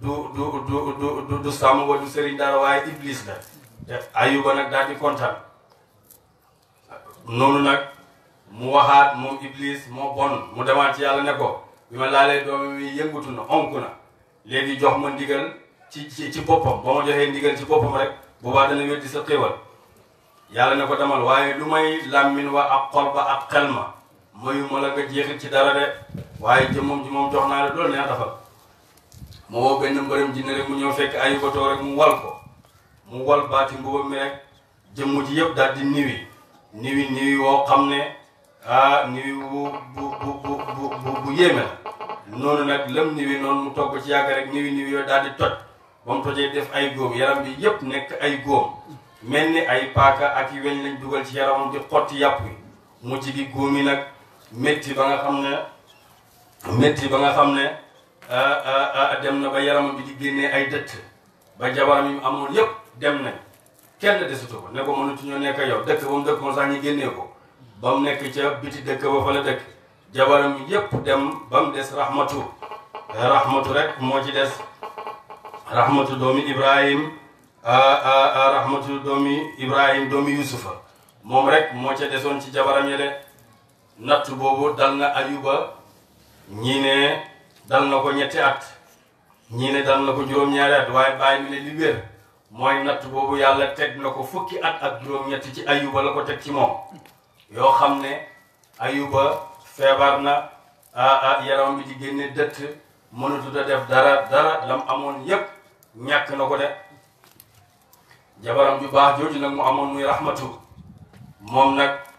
du du du du du sàmm wa du sëriñ dara waaye iblis la ayuba nag daal di kontaan noonu nag mu waxaat moom iblis moo bon mu demaat ci yàlla ne ko bi ma laalee doom mi yëngutu na onk na léegi jox ma ndigal ci ci ci boppam ba ma joxee ndigal ci boppam rek boobaa dana weddi sa xéewal yàlla ne ko demal waaye lu may làmmin wa ak xol ba ak xel mayu ma la nga jeexit ci dara de waaye moom ji moom jox naa la loolu neex dafa mu woo benn mbërëm jinne rek mu ñëw fekk ayu rek mu wal ko mu wal baati mbubam mi rek jëmm yëpp daal di niwi niwi woo xam ne ah niwi bu bu bu la noonu mu togg ci yàgg rek niwi di toj ba mu tojee def ay góom yaram bi yëpp nekk ay góom mel ni ay paaka ak i weñ lañ dugal ci yaramam di xotti yàpp wi mu ci gi yi nag. métti ba nga xam ne métti ba nga xam ne dem na ba yaramam bi di génnee ay dëtt ba jabaram yi amoon yëpp dem ne kenn desatu ko ne ko mënatuñoo nekk yow dëkk ba mu dëkkoon sax ñu génnee ko ba mu nekk ca biti dëkk ba fa la dëkk jabaram yi yëpp dem ba mu des rahmatu rahmatu rek moo ci des rahmatu doomi ibrahim rahmatu doomi ibrahim doomi yusufa moom rek moo ca desoon ci jabaram yele natt boobu dal na ayuba ñii ne dal na ko ñetti at ñii ne dal na ko juróom-ñaari at waaye bàyyi mi ne li mooy natt boobu yàlla teg na ko fukki at ak juróom-ñetti ci ayuba la ko teg ci moom yoo xam ne ayuba feebar na a yaram bi di génne dëtt mënatut a def dara dara lam amoon yépp ñàkk na ko de jabaram ju baax jooju nag mu amoon muy rahmatu moom nag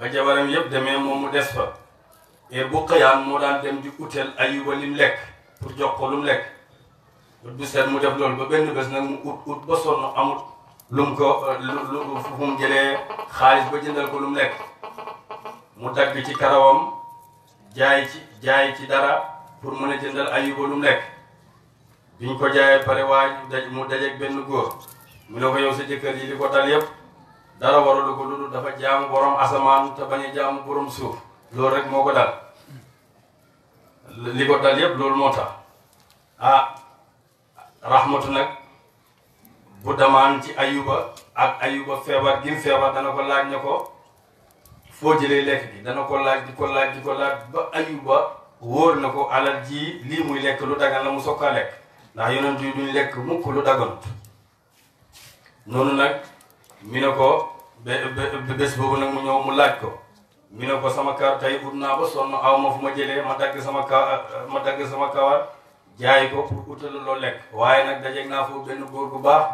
ba jabaram yëpp demee moom mu des fa et bu xëyaan moo daan dem di utel ayuba lim lekk pour jox ko lum lekk ut bu seet mu def loolu ba benn bés nag mu ut ut ba sonn amul lum ko lu fu mu jëlee xaalis ba jëndal ko lum lekk mu dagg ci karawam jaay ci jaay ci dara pour mën a jëndal ayuba lum lekk biñ ko jaayee pare waa mu dajeeg benn góor mu ne ko yow sa jëkkër yi li ko dal yëpp dara waralu ko lu dafa jaamu borom asamaan te bañ a jaamu borom suuf loolu rek moo ko dal li dal yëpp loolu moo tax ah rahmatu nag bu damaan ci ayuba ak ayuba feebar gi mu feebar dana ko laaj ne ko foo jëlee lekk bi dana ko laaj di ko laaj di ko laaj ba ayuba wóor na ko alal ji lii muy lekk lu dagan la mu soog a lekk ndax yonent yi duñ lekk mukk lu daganut noonu nag mi ne ko ba bés boobu nag mu ñëw mu laaj ko mi ne ko sama kawar tey ut naa ba sonn aw ma fu ma jëlee ma dagg sama kawar ma dagg sama kawar jaay ko pour utal loo lekk waaye nag dajeeg naa foofu benn góor bu baax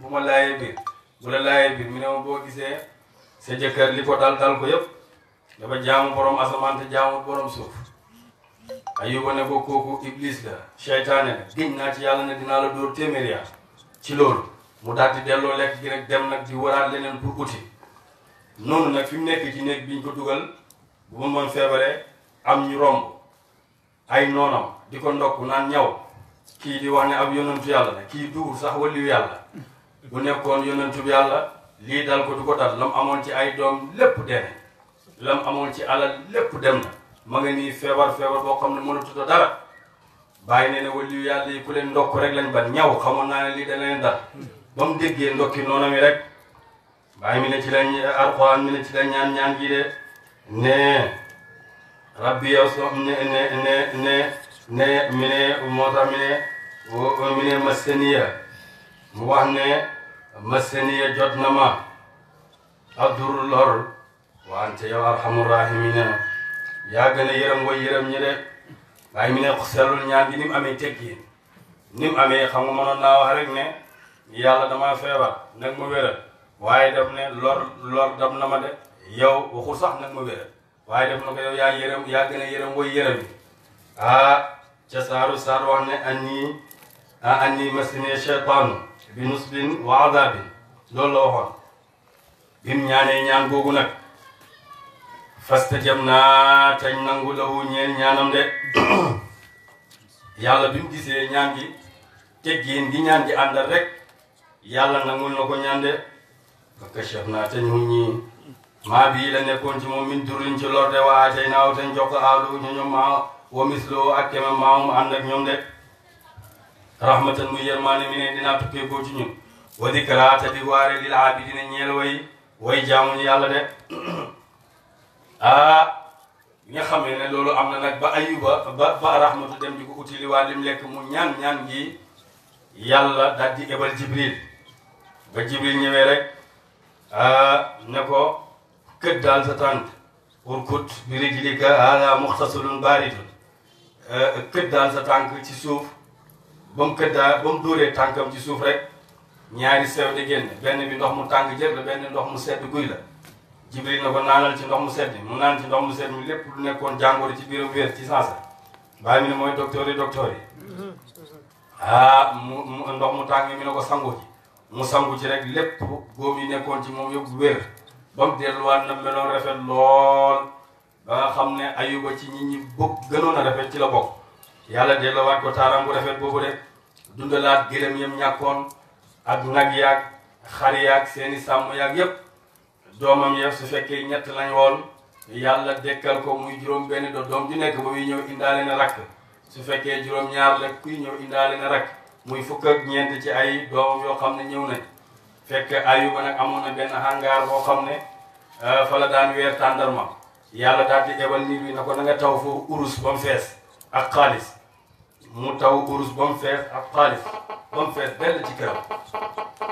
bu ma laayee biir bu la laayee biir mi ne ma boo gisee sa jëkkër li ko dal dal ko yëpp dafa jaamu borom asamaan te jaamu borom suuf ayuba ne ko kooku iblis la seytaane la giñ naa ci yàlla ne dinaa la dóor téeméeri ci loolu mu daal di delloo lekk gi rek dem nag di waraat leneen pour uti noonu nag fi mu nekk ci néeg bi ñu ko dugal bu mu moon feebaree am ñu romb ay noonam di ko ndokk naan ñaw kii di wax ne ab yonantu yàlla la kii duur sax waliyu yàlla bu nekkoon yonantu bi yàlla lii dal ko du ko dal lam amoon ci ay doom lépp dene lam amoon ci alal lépp dem na ma nga nii feebar feebar boo xam ne mënatuta dara bàyyi ne ne waliyu yàlla yi ku leen ndokk rek lañ ba ñaw xamoon naa lii dana leen dal ba mu déggee ndokki noona mi rek bàyyi mi ne ci la alxuraan mi ne ci la ñaan ñaan gi de ne rabbi ne ne ne ne mi ne moo mi ne mi mu wax ne maseniya jot na ma abdur lor wante yow arhamur rahimina yaa gën a yërëm way yërëm ñi de bàyyi mi ne selul ñaan gi ni mu amee teggin ni mu amee naa wax rek ne yàlla dama feebar nag ma wéral waaye daf ne lor lor daf na ma de yow waxul sax nag ma wéral waaye daf na ko yow yaa yaa gën a yërëm booy yërëm bi ah ca saar wax ne anni ah anni masini cheytaanu bi nusbin wa adabin loolu la waxoon bim ñaanee ñaan googu nag fastajab naa tañ nangu lawu ñeen ñaanam de *coughs* yàlla bi mu gisee ñaan gi teggiin gi ñaan gi àndal rek yàlla nangul na ko ñaan de ba kashaf naa te ñun ñii maa bii la nekkoon ci moom min durliñ ci lor de waa tey naaw te jox aalu ñu ñoom maa wa misloo ak keme maamum ànd ak ñoom de rahmatan muy yërmaane mi ne dinaa tukkee ko ci ñun wa dikra te di waare lil aabidina ñeel way way jaamuñu yàlla de *clears throat* ah nga xamee ne loolu am na nag ba ayuba ba ba rahmatu dem di ko utili waa lekk mu ñaan ñaan gi yàlla daal di ebal jibril ba jibril ñëwee rek ne ko kët daal sa tànk urkut bi rijlika hada muxtasalun baaridun kët daal sa tànk ci suuf ba mu kët daal ba mu dóoree tànkam ci suuf rek ñaari sew di génn benn bi ndox mu tàng jër la benn ndox mu sedd guy la jibril na ko naanal ci ndox mu sedd mu naan ci ndox mu sedd mi lépp lu nekkoon jàngoro ci biiram wér ci sansa bàyyi mi ne mooy docteur yi mm-hmm. mu ndox mu tàng mi ne ko sangoo ji mu sangu ci rek lépp góom yi nekkoon ci moom yëpp wér ba mu delluwaat na meloon rafet lool ba nga xam ne ayuba ci nit ñi bëgg gënoon a rafet ci la bokk yàlla delluwaat ko taaram bu rafet boobu rek dundalaat gëlëm yam ñàkkoon ak nag yaag xar yaag seeni sàmm yaag yépp doomam ya su fekkee ñett lañ woon yàlla dekkal ko muy juróom benn do doom ju nekk ba muy ñëw indaale na rakk su fekkee juróom ñaar la kuy ñëw indaale na rakk mooy fukk ak ci ay doom yoo xam ne ñëw nañ fekk ayuba nag amoon na benn hangaar boo xam ne euh, fa la daan weer tàndarma yàlla daal di ebal ni ñi na ko na nga taw foo urus ba mu fees ak xaalis mu taw urus ba mu fees ak xaalis ba mu fees benn ci këram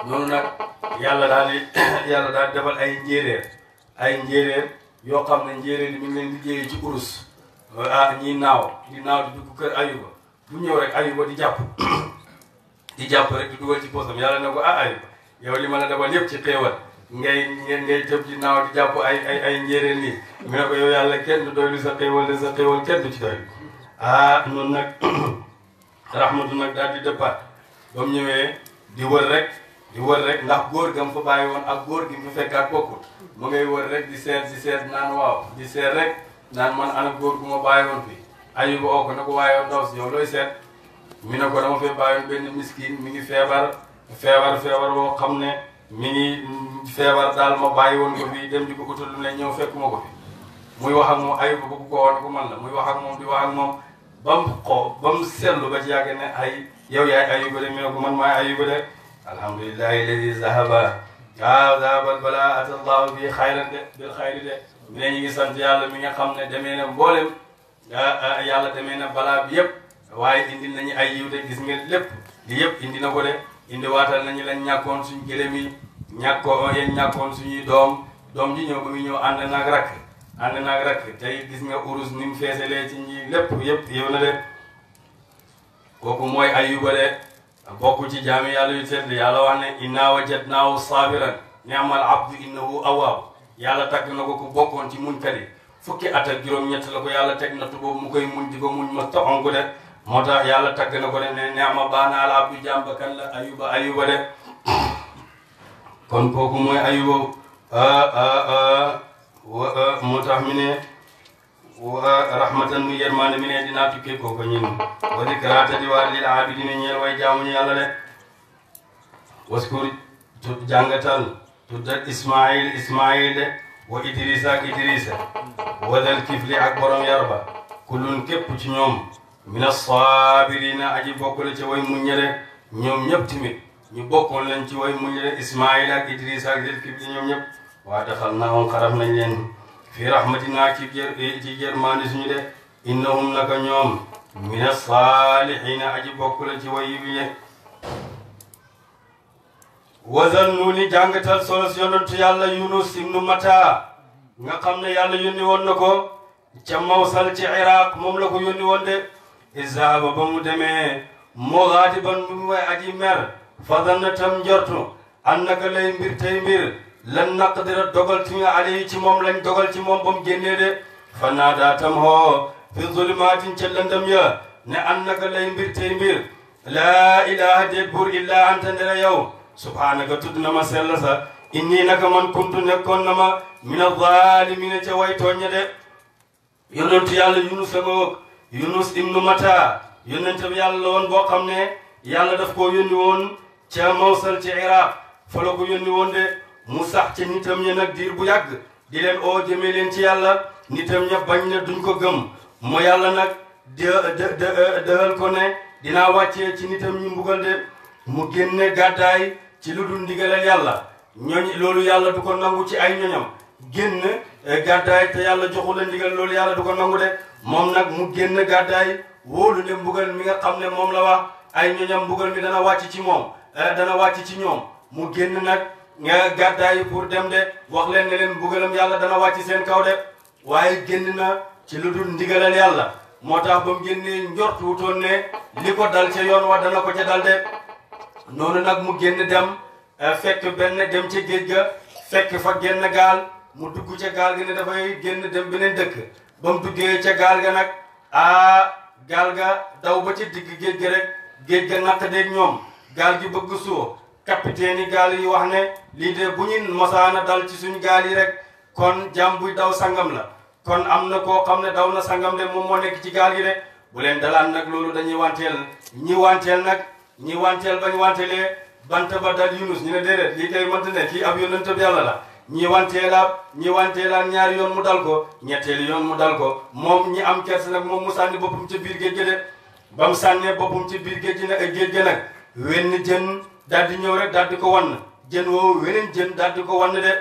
noonu nag yàlla daal di *coughs* yàlla daal di ay njéeréer ay njéeréer yoo xam ne njéeréer yi mi ngi leen liggéeyee ci urus euh, ah ñi naaw di naaw di dugg kër ayuba bu ñëw rek ayuba di jàpp *coughs* di jàpp rek di dugal ci poosam yàlla ne ko ah ay li ma la defal yëpp ci xéewal ngay ngay tëb ci naaw di jàpp ay ay ay njéeréen nii mu ne ko yow yàlla kenn du doylu sa xéewal de sa xéewal kenn du ci doylu ah noonu nag *coughs* rahmatu nag daal di départ ba mu di wër rek di wër rek ndax góor gam fa bàyyi woon ak góor gi mu fekkaat bokkul mu ngay wër rek di seet di seet naan waaw di seet rek naan man ana góor gu ma bàyyi woon fi ayuba oo ko na ko waaye ndaw si yow looy seet mi ne ko dama fee bàyyoon benn miskin mi ngi feebar feebar feebar boo xam ne mi ngi feebar daal ma bàyyi woon ko fii dem di ko utal lu ne ñëw fekk ma ko fi muy wax ak moom ayib ba bëgg ko woon ko man la muy wax ak moom di wax ak moom ba mu xoo ba mu seetlu ba ci yàgg ne ay yow yaay ayuba de mi ko man maay ayuba de alhamdulilahi alladi zahaba ah zahabal balaa atallahu bi xayran de bil xayri de mi ne ñu ngi sant yàlla mi nga xam ne demee na mboolem ah, ah, yàlla deme na balaa yëpp waaye indi nañu ay yiw de lépp di yëpp indi na ko de indi waatal nañu lañ ñàkkoon suñu gëlëm yi ñàkkoo yéen ñàkkoon suñuy doom doom ji ñëw ba muy ñëw ànd naag rakk ànd naag rakk tey gis nga urus ni mu le ci ñi lépp yëpp yow na de kooku mooy ayuba de bokk ci jaami yàlla yu tedd yàlla wax ne innaa wajadnaahu saabiran ni'mal abdu innahu awwaab yàlla tagg na ko ku bokkoon ci muñ kat yi fukki at ak juróom-ñett la ko yàlla teg natt boobu mu koy moo tax yàlla tagg na ko ne ne neama baanaal abdu jàmba kan la ayuba ayuba de kon kooku moy ayuba moo tax mi ne rahmatan mu yermaane mi ne dinaa tukkee kooku ñun wa dikraata di waar lil aabidina ñeel way jaamu ñu yàlla de waskur tu jàngatal tuddat ismail ismail de wa idrisa idrisa wa kifli ak borom yarba kulun képp ci ñoom mina saabirina aji bokk ci way muññale ñoom ñëpp tamit ñu bokkoon ci way muññale Ismaayil ak Idris ak Zulkifli ñoom ñëpp waa daxal naa woon xaram nañ leen fii rahmatinaa ci jër ci jërmaandi suñu de innahum naka ñoom mina saalihiina aji bokk ci way yi wazal nuuni jàngatal solos yonentu yàlla Yunus ibnu Mata nga xam ne yàlla yónni woon ko ca Mawsal ci Iraq moom la ko yónni woon izahaba ba mu demee mugaadiban mu way aji mer fadanna tam njortu annaka lay mbir tey mbir lan naqdira dogal ci nga ci moom lañ dogal ci moom ba mu génnee de fa naadaa tam hoo fi zulumaatin ca lëndëm ya ne annaka lay mbir tey mbir laa ilaha déet buur illaa anta ndera yow subhaanaka tudd na ma sell sa inni naka man kuntu nekkoon na ma min a zaalimina ca way tooññe de yonentu yàlla yunus la yunus ibnu mata yónnente bi yàlla la woon boo xam ne yàlla daf koo yónni woon ca mawsal ci iraq fa ko yónni woon de mu sax ca nitam ña nag diir bu yàgg di leen oo jëmee leen ci yàlla nitam ña bañ ne duñ ko gëm moo yàlla nag dë dëhal ko ne dinaa wàccee ci nitam ñu mbugal de mu génne gàddaay ci lu dul ndigalal yàlla ñooñ loolu yàlla du ko nangu ci ay ñoñam génn eh, gàddaay te yàlla joxu la ndigal loolu yàlla du ko nangu de moom nag mu génn gàddaay wóolu ne mbugal mi nga xam ne moom la wax ay ñoñam mbugal mi dana wàcc ci moom eh, dana wàcc ci ñoom mu génn nag nga gàddaay pour dem de wax leen ne leen mbugalam yàlla dana wàcc seen kaw de waaye génn na ci lu dul ndigalal yàlla moo tax ba mu génnee njort ne li ko dal ca yoon wa dana ko ca dal de noonu nag mu génn dem eh, fekk benn dem ca géej ga fekk fa génn gaal mu dugg ca gaal gi ne dafay génn dem beneen dëkk ba mu duggee ca gaal ga nag aa ah, gaal ga daw ba ca digg géej gi rek géej ga natt deeg ñoom gaal gi bëgg suwo capitaine yi gaal yi wax ne lii de bu ñu mosaana dal ci suñ gaal yi rek kon jàmm buy daw sangam la kon am na koo xam ne daw na sangam de moom moo nekk ci gaal gi rek bu leen dalaan nag loolu dañuy wanteel ñi wanteel nag ñi wanteel bañ wantelee bant ba dal Yunus ñu ne déedéet lii kay mënta ne kii ab yonent bi yàlla la ñi wanteelaab ñi wanteelaab ñaari yoon mu dal ko ñetteel yoon mu dal ko moom ñi am kersa nag moom mu sànni boppam ci biir géej gi de ba mu sànnee boppam ci biir géej gi nag géej wenn jën daal di ñëw rek daal di ko wann jën woowu weneen jën daal di ko wann de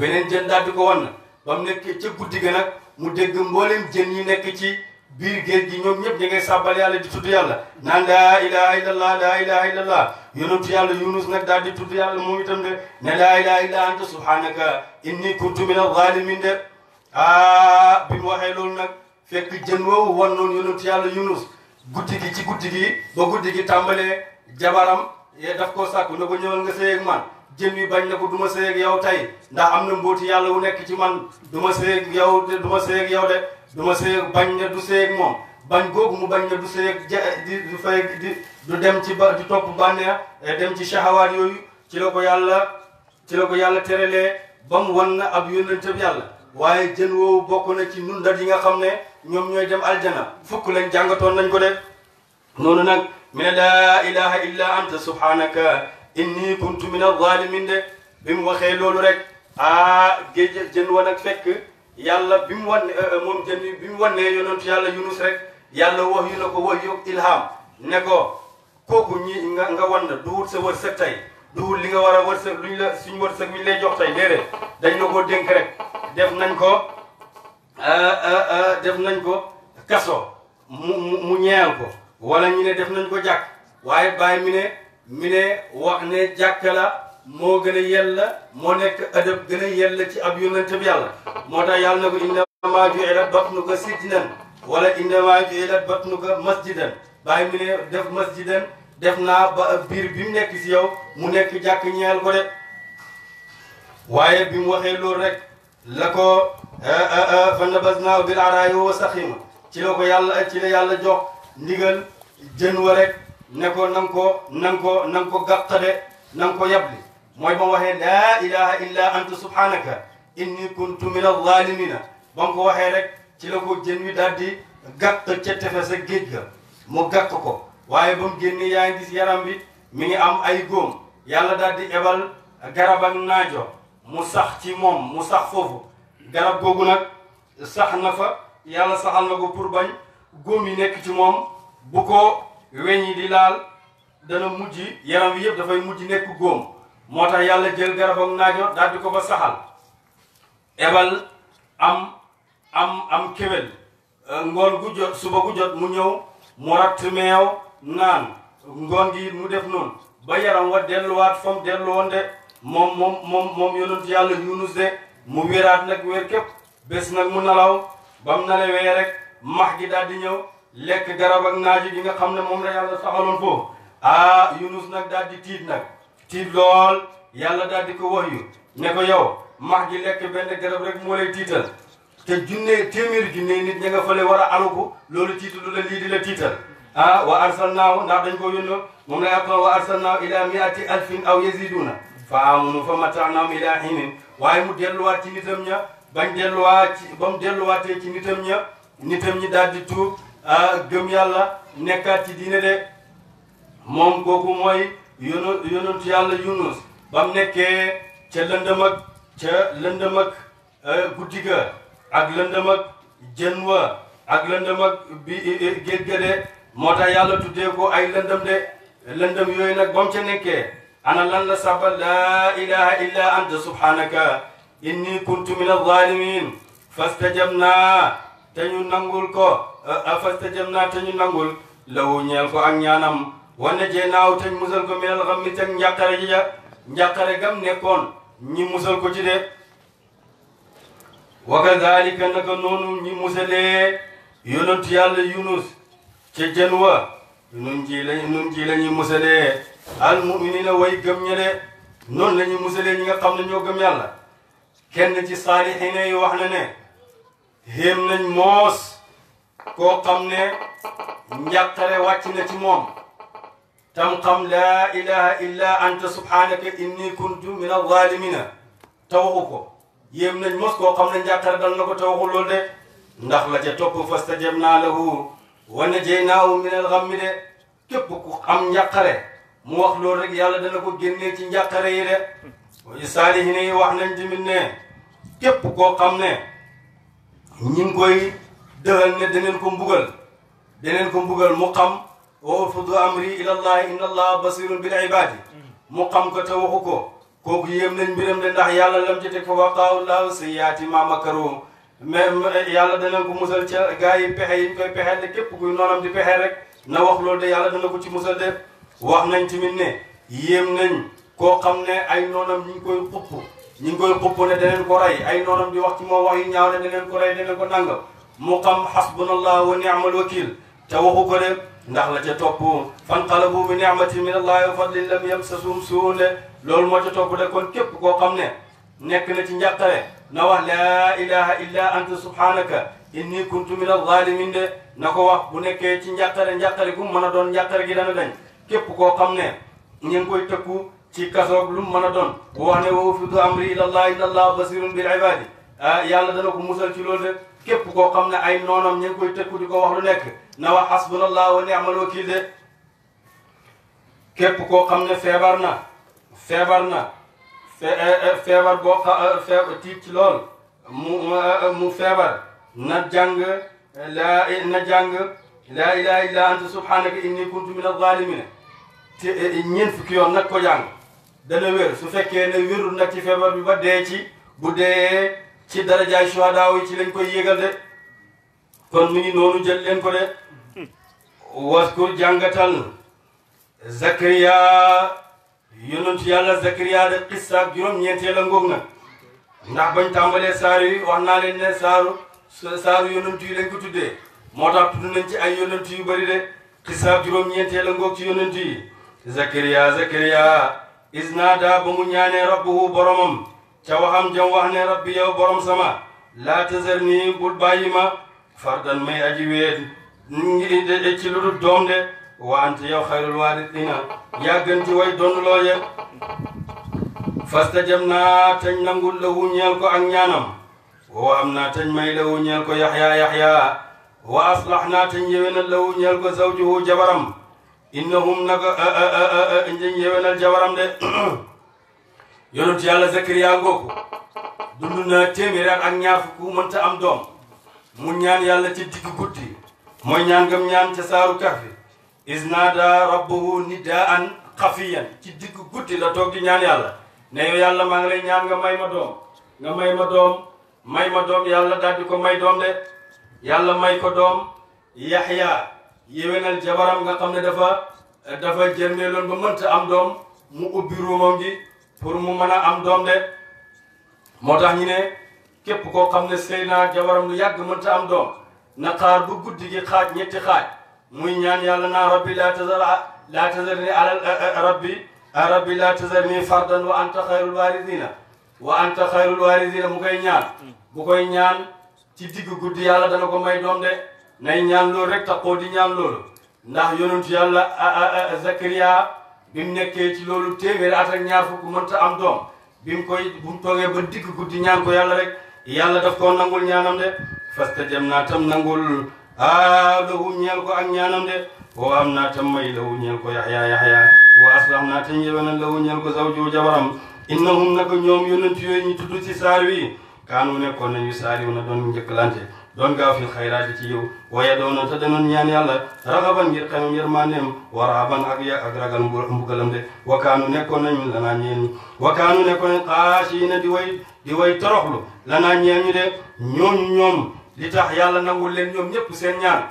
weneen jën daal di ko wann ba mu nekk ca guddi ga nag mu dégg mbooleem jën yi nekk ci biir géej gi ñoom ñëpp ñu ngay sàbbal yàlla di tudd yàlla naan laa ilaha illallah laa ilaha illallah yonentu yàlla yunus daal di tudd yàlla moom itam de ne laa ilaha illa anta subhanaka inni kuntu min alzalimin de ah bi mu waxee loolu nag fekk jën woowu wan noonu yonentu yàlla yunus guddi gi ci guddi gi ba guddi gi tàmbalee jabaram ye eh, daf koo sàkku ne ko ñëwal nga sëyeeg man jën wi bañ na ko du ma sëyeeg yow tey ndax am na mbóoti yàlla wu nekk ci man du ma sëyeeg yow de du ma sëyeeg yow de du ma sëyeeg bañ na du sëyeeg moom bañ googu mu bañ na du sëyeeg ja di du di du dem ci ba du topp bànneex eh, dem ci shahawaat yooyu ci la ko yàlla ci la ko yàlla terelee ba mu wan na ab yónnentab yàlla waaye jën woowu bokk na ci nundat yi nga xam ne ñoom ñooy dem aljana fukk lañ jàngatoon nañ ko def noonu nag mi ne laa ilaha illa anta subhanaka inni kuntu min alzalimin de bi mu waxee loolu rek ah géej jën wa fekk yàlla bi mu wan euh, euh, moom jën bi mu wannee yonentu yàlla yunus rek yàlla wax yu ne ko wax yoog ilham ne ko kooku ñi nga nga wan duwul sa wërsëg tey duwul li nga war a wërsëg luñ la suñ wërsëg luñ lay jox tey déedéet dañ la ko dénk rek def nañ ko euh, def nañ ko kaso mu mu ñeel ko wala ñu ne def nañ ko jàkk waaye bàyyi mi ne mi ne wax ne jàkk la moo gën a yella moo nekk adab gën a yella ci ab yonent bi yàlla moo tax yàlla na ko innamaa ju'ila batnuka sijnan wala innamaa ju'ila batnuka masjidan bàyyi mu ne def masjidan def naa ba biir bi mu nekk si yow mu nekk jàkk ñeel ko de waaye bi mu waxee loolu rek la ko eh, eh, eh, fa nabasnaahu bil araa'i wa saxima ci la ko yàlla ci la yàlla jox ndigal jën wa rek ne ko nang nga ko na ko na nga ko gàq na ko yabli mooy ba mu waxee laa ilaha illa anta subhanaka inni kuntu min alzalimina ba mu ko waxee rek ci la ko jën wi daal di gàq ca tefes ak géej ga mu gàq ko waaye ba mu génne yaa ngi gis yaram wi mi ngi am ay góom yàlla daal di ebal garab ak naajo mu sax ci moom mu sax foofu garab googu nag sax na fa yàlla saxal na ko pour bañ góom yi nekk ci moom bu ko weñ yi di laal dana mujj yaram wi yëpp dafay mujj nekk góom moo tax yàlla jël garabam naajo daal di ko fa saxal ebal am am am kéwél euh, ngoon gu jot suba gu jot mu ñëw mu ratt meew naan ngoon gi mu def noonu ba yaram wa delluwaat fam delluwoon de moom moom moom moom yonent yàlla yunus de mu wéraat nag wér képp bés nag mu nalaw ba mu nalawee rek max gi daal di ñëw lekk garab ak naaju gi nga xam ne moom la yàlla saxaloon foofu ah yunus nag daal di tiit nag tiit lool yàlla daal di ko wax yu ne ko yow max gi lekk benn garab rek moo lay tiital te junne téeméer junne nit ña nga fële war a aluko loolu tiitalu la lii di la tiital ah wa arsalnaahu ndax dañ ko yónno moom lay àqoon wa arsalnaahu ila miati alfin aw yaziduuna fa amunu fa mataanaahum ila hinin waaye mu delluwaat ci nitam ña ba mu delluwaatee ci nitam ña nitam ñi da di tuub ah, gëm yàlla nekkaat ci diine de moom kooku mooy yónn yónnantu yàlla Yunus ba nekkee ca lëndëm ca lëndëm ak euh, ak lëndëm ak ak lëndëm bi e, e, géej de moo tax yàlla tuddee ko ay lëndëm de lëndëm yooyu nag ba mu ca nekkee ana lan la sabal laa ilaha illa anta subhanaka inni kuntu min alzalimin fastajabnaa te ñu nangul ko euh, fastajabnaa te ñu nangul lawu ñeel ko ak ñaanam wanna jeynaaw tañ musal ko minal xam mi teg njàqare ja njàqare gam nekkoon ñi musal ko ci de wa kadalika naka noonu ñi musalee yonentu yàlla yunus ca jën wa nun ji la nun la ñuy musalee al muminina way gëm ña de noonu la ñuy musalee ñi nga xam ne ñoo gëm yàlla kenn ci saalixiina yi wax na ne xéem nañ moos koo xam ne njàqare wàcc na ci moom tam xam laa ilaha illa anta subhanaka inni kuntu min alzalimina te waxu ko yéem nañ mos koo xam ne njàqare dal na ko te waxul loolu de ndax la ca topp fastajabnaa lahu wa najaynaahu min alxammi de képp ku am njàqare mu wax loolu rek yàlla dana ko génnee ci njàqare yi de wayu saalihiina yi wax nañ tamit ne képp koo xam ne ñi ngi koy ne daneen ko mbugal daneen ko mbugal mu xam wa ufudu amri ila allah inna allah basirun bil ibadi mu xam ko te waxu ko kooku yéem nañ mbiram de ndax yàlla lam ci teg fa waqaahu llahu sayyaati ma makaru mais yàlla danañ ko musal ca gars yi pexe yi koy pexeel de képp kuy noonam di pexe rek na wax loolu de yàlla dana ko ci musal de wax nañ tamit ne yéem nañ koo xam ne ay noonam ñu ngi koy xupp ñu ngi koy xupp ne daneen ko rey ay noonam di wax ci moo wax yu ñaaw ne daneen ko rey daneen ko nangam mu xam xasbunallah wa ni'mal wakil te ndax la ca topp fanqalabu bi ni'matin min allahi wa fadlin lam yamsasum suun loolu moo ca topp de kon képp koo xam ne nekk na ci njàqare na wax laa ilaha illa anta subhanaka inni kuntu min alzalimin de na ko wax bu nekkee ci njàqare njàqare gu mën a doon njàqare ki dana dañ képp koo xam ne ñu ngi koy tëkku ci kasoog lu mu mën a doon bu wax ne wa ufidu amri ila allah inna allah basirun bil ibadi ah, yàlla dana ko musal ci loolu de képp koo xam ne ay noonam ñu ngi koy di ko wax lu nekk na wax hasbunallah wa ni'mal wakiil de képp koo xam ne feebar na feebar na eh, eh, feebar boo eh, feebar tiit ci lool mu feebar na jàng la na jàng laa ilaha illa anta subhanaka inni kuntu min az-zalimin te ñeent fukki yoon nag ko jàng dana su fekkee ne wérul nag feebar bi ba dee ci bu dee ci darajaay shuhadaa ci lañ koy yégal de kon mi ngi noonu jël leen ko de waskur jàngatal zakariya yonent yàlla zakariya de xissa juróom-ñeenteel a ngoog na ndax bañ tàmbalee saar yi wax naa leen ne saaru saaru yonent yi lañ ko tuddee moo tax tudd nañ ci ay yonent yu bëri de xissa ak juróom-ñeenteel a ngoog ci yonent yi zakariya zakariya isnaada ba mu ñaanee rabbi yow borom sama laa tazar nii bul bàyyi ma fardan may aji wéet ci lu dul doom de wante yow xayrul waarisiina yaa gën ci way doon loo ye fastajab naa tañ nangul lahu ñeel ko ak ñaanam wa am naa tañ may lahu ñeel ko yaxya yaxya wa aslax naa tañ yewenal lahu ñeel ko zawjuhu jabaram innahum nag njiñ yewenal jabaram de *coughs* yonent yàlla zakariya ngooku dund na téeméer ak ñaar fukk mënta am doom mu ñaan yàlla ci digg guddi mooy ñaan gam ñaan ca saaru kahfi isnaada rabbahu nidaan xafiyan ci digg guddi la toog di ñaan yàlla ne yow yàlla maa ngi lay ñaan nga may ma doom nga may ma doom may ma doom yàlla daal ko may doom de yàlla may ko doom yaxya yéwénal jabaram nga xam ne dafa dafa jërmee loon ba mënta am doom mu ubbi ruumam gi pour mu mën a am doom de moo tax ñu ne képp koo xam ne sëy naa jabaram lu yàgg mënta am doom na xaar bu guddi gi xaaj ñetti xaaj muy ñaan yàlla naa rabbi laa tazar laa tazar ni alal eh, eh, rabbi eh, rabbi laa tazar ni fardan wa anta xayrul waarisina wa anta xayrul waarisina mu koy ñaan bu koy ñaan ci digg guddi yàlla dana ko may doom de nay ñaan loolu rek taxoo di ñaan loolu ndax yonentu yàlla Zakariya bi nekkee ci loolu téeméeri at ak ñaar fukk mënta am doom bi mu koy bu mu toogee ba digg guddi ñaan ko yàlla rek yàlla daf koo nangul ñaanam de fastajabnaa tam nangul ah lahu ñeel ak ñaanam de wa am naa tam may lahu ñeel ko yaxya yaxya wa aslahnaa te yewenal lahu ñeel ko zawju jabaram innahum naka ñoom yonent yooyu ñu tudd ci saar wi kaanu nekkoon nañu saar yu na doon njëkkalante doon gaaw fil xayraati ci yow waaye doon na te danoon ñaan yàlla raxaban ngir xamam yërmandeem wa rahaban ak ya ak ragal mbugalam de wa kaanu nekkoon nañu lanaa ñeen ñi wa kaanu nekkoon nañ li tax yàlla nangul leen ñoom ñëpp seen ñaan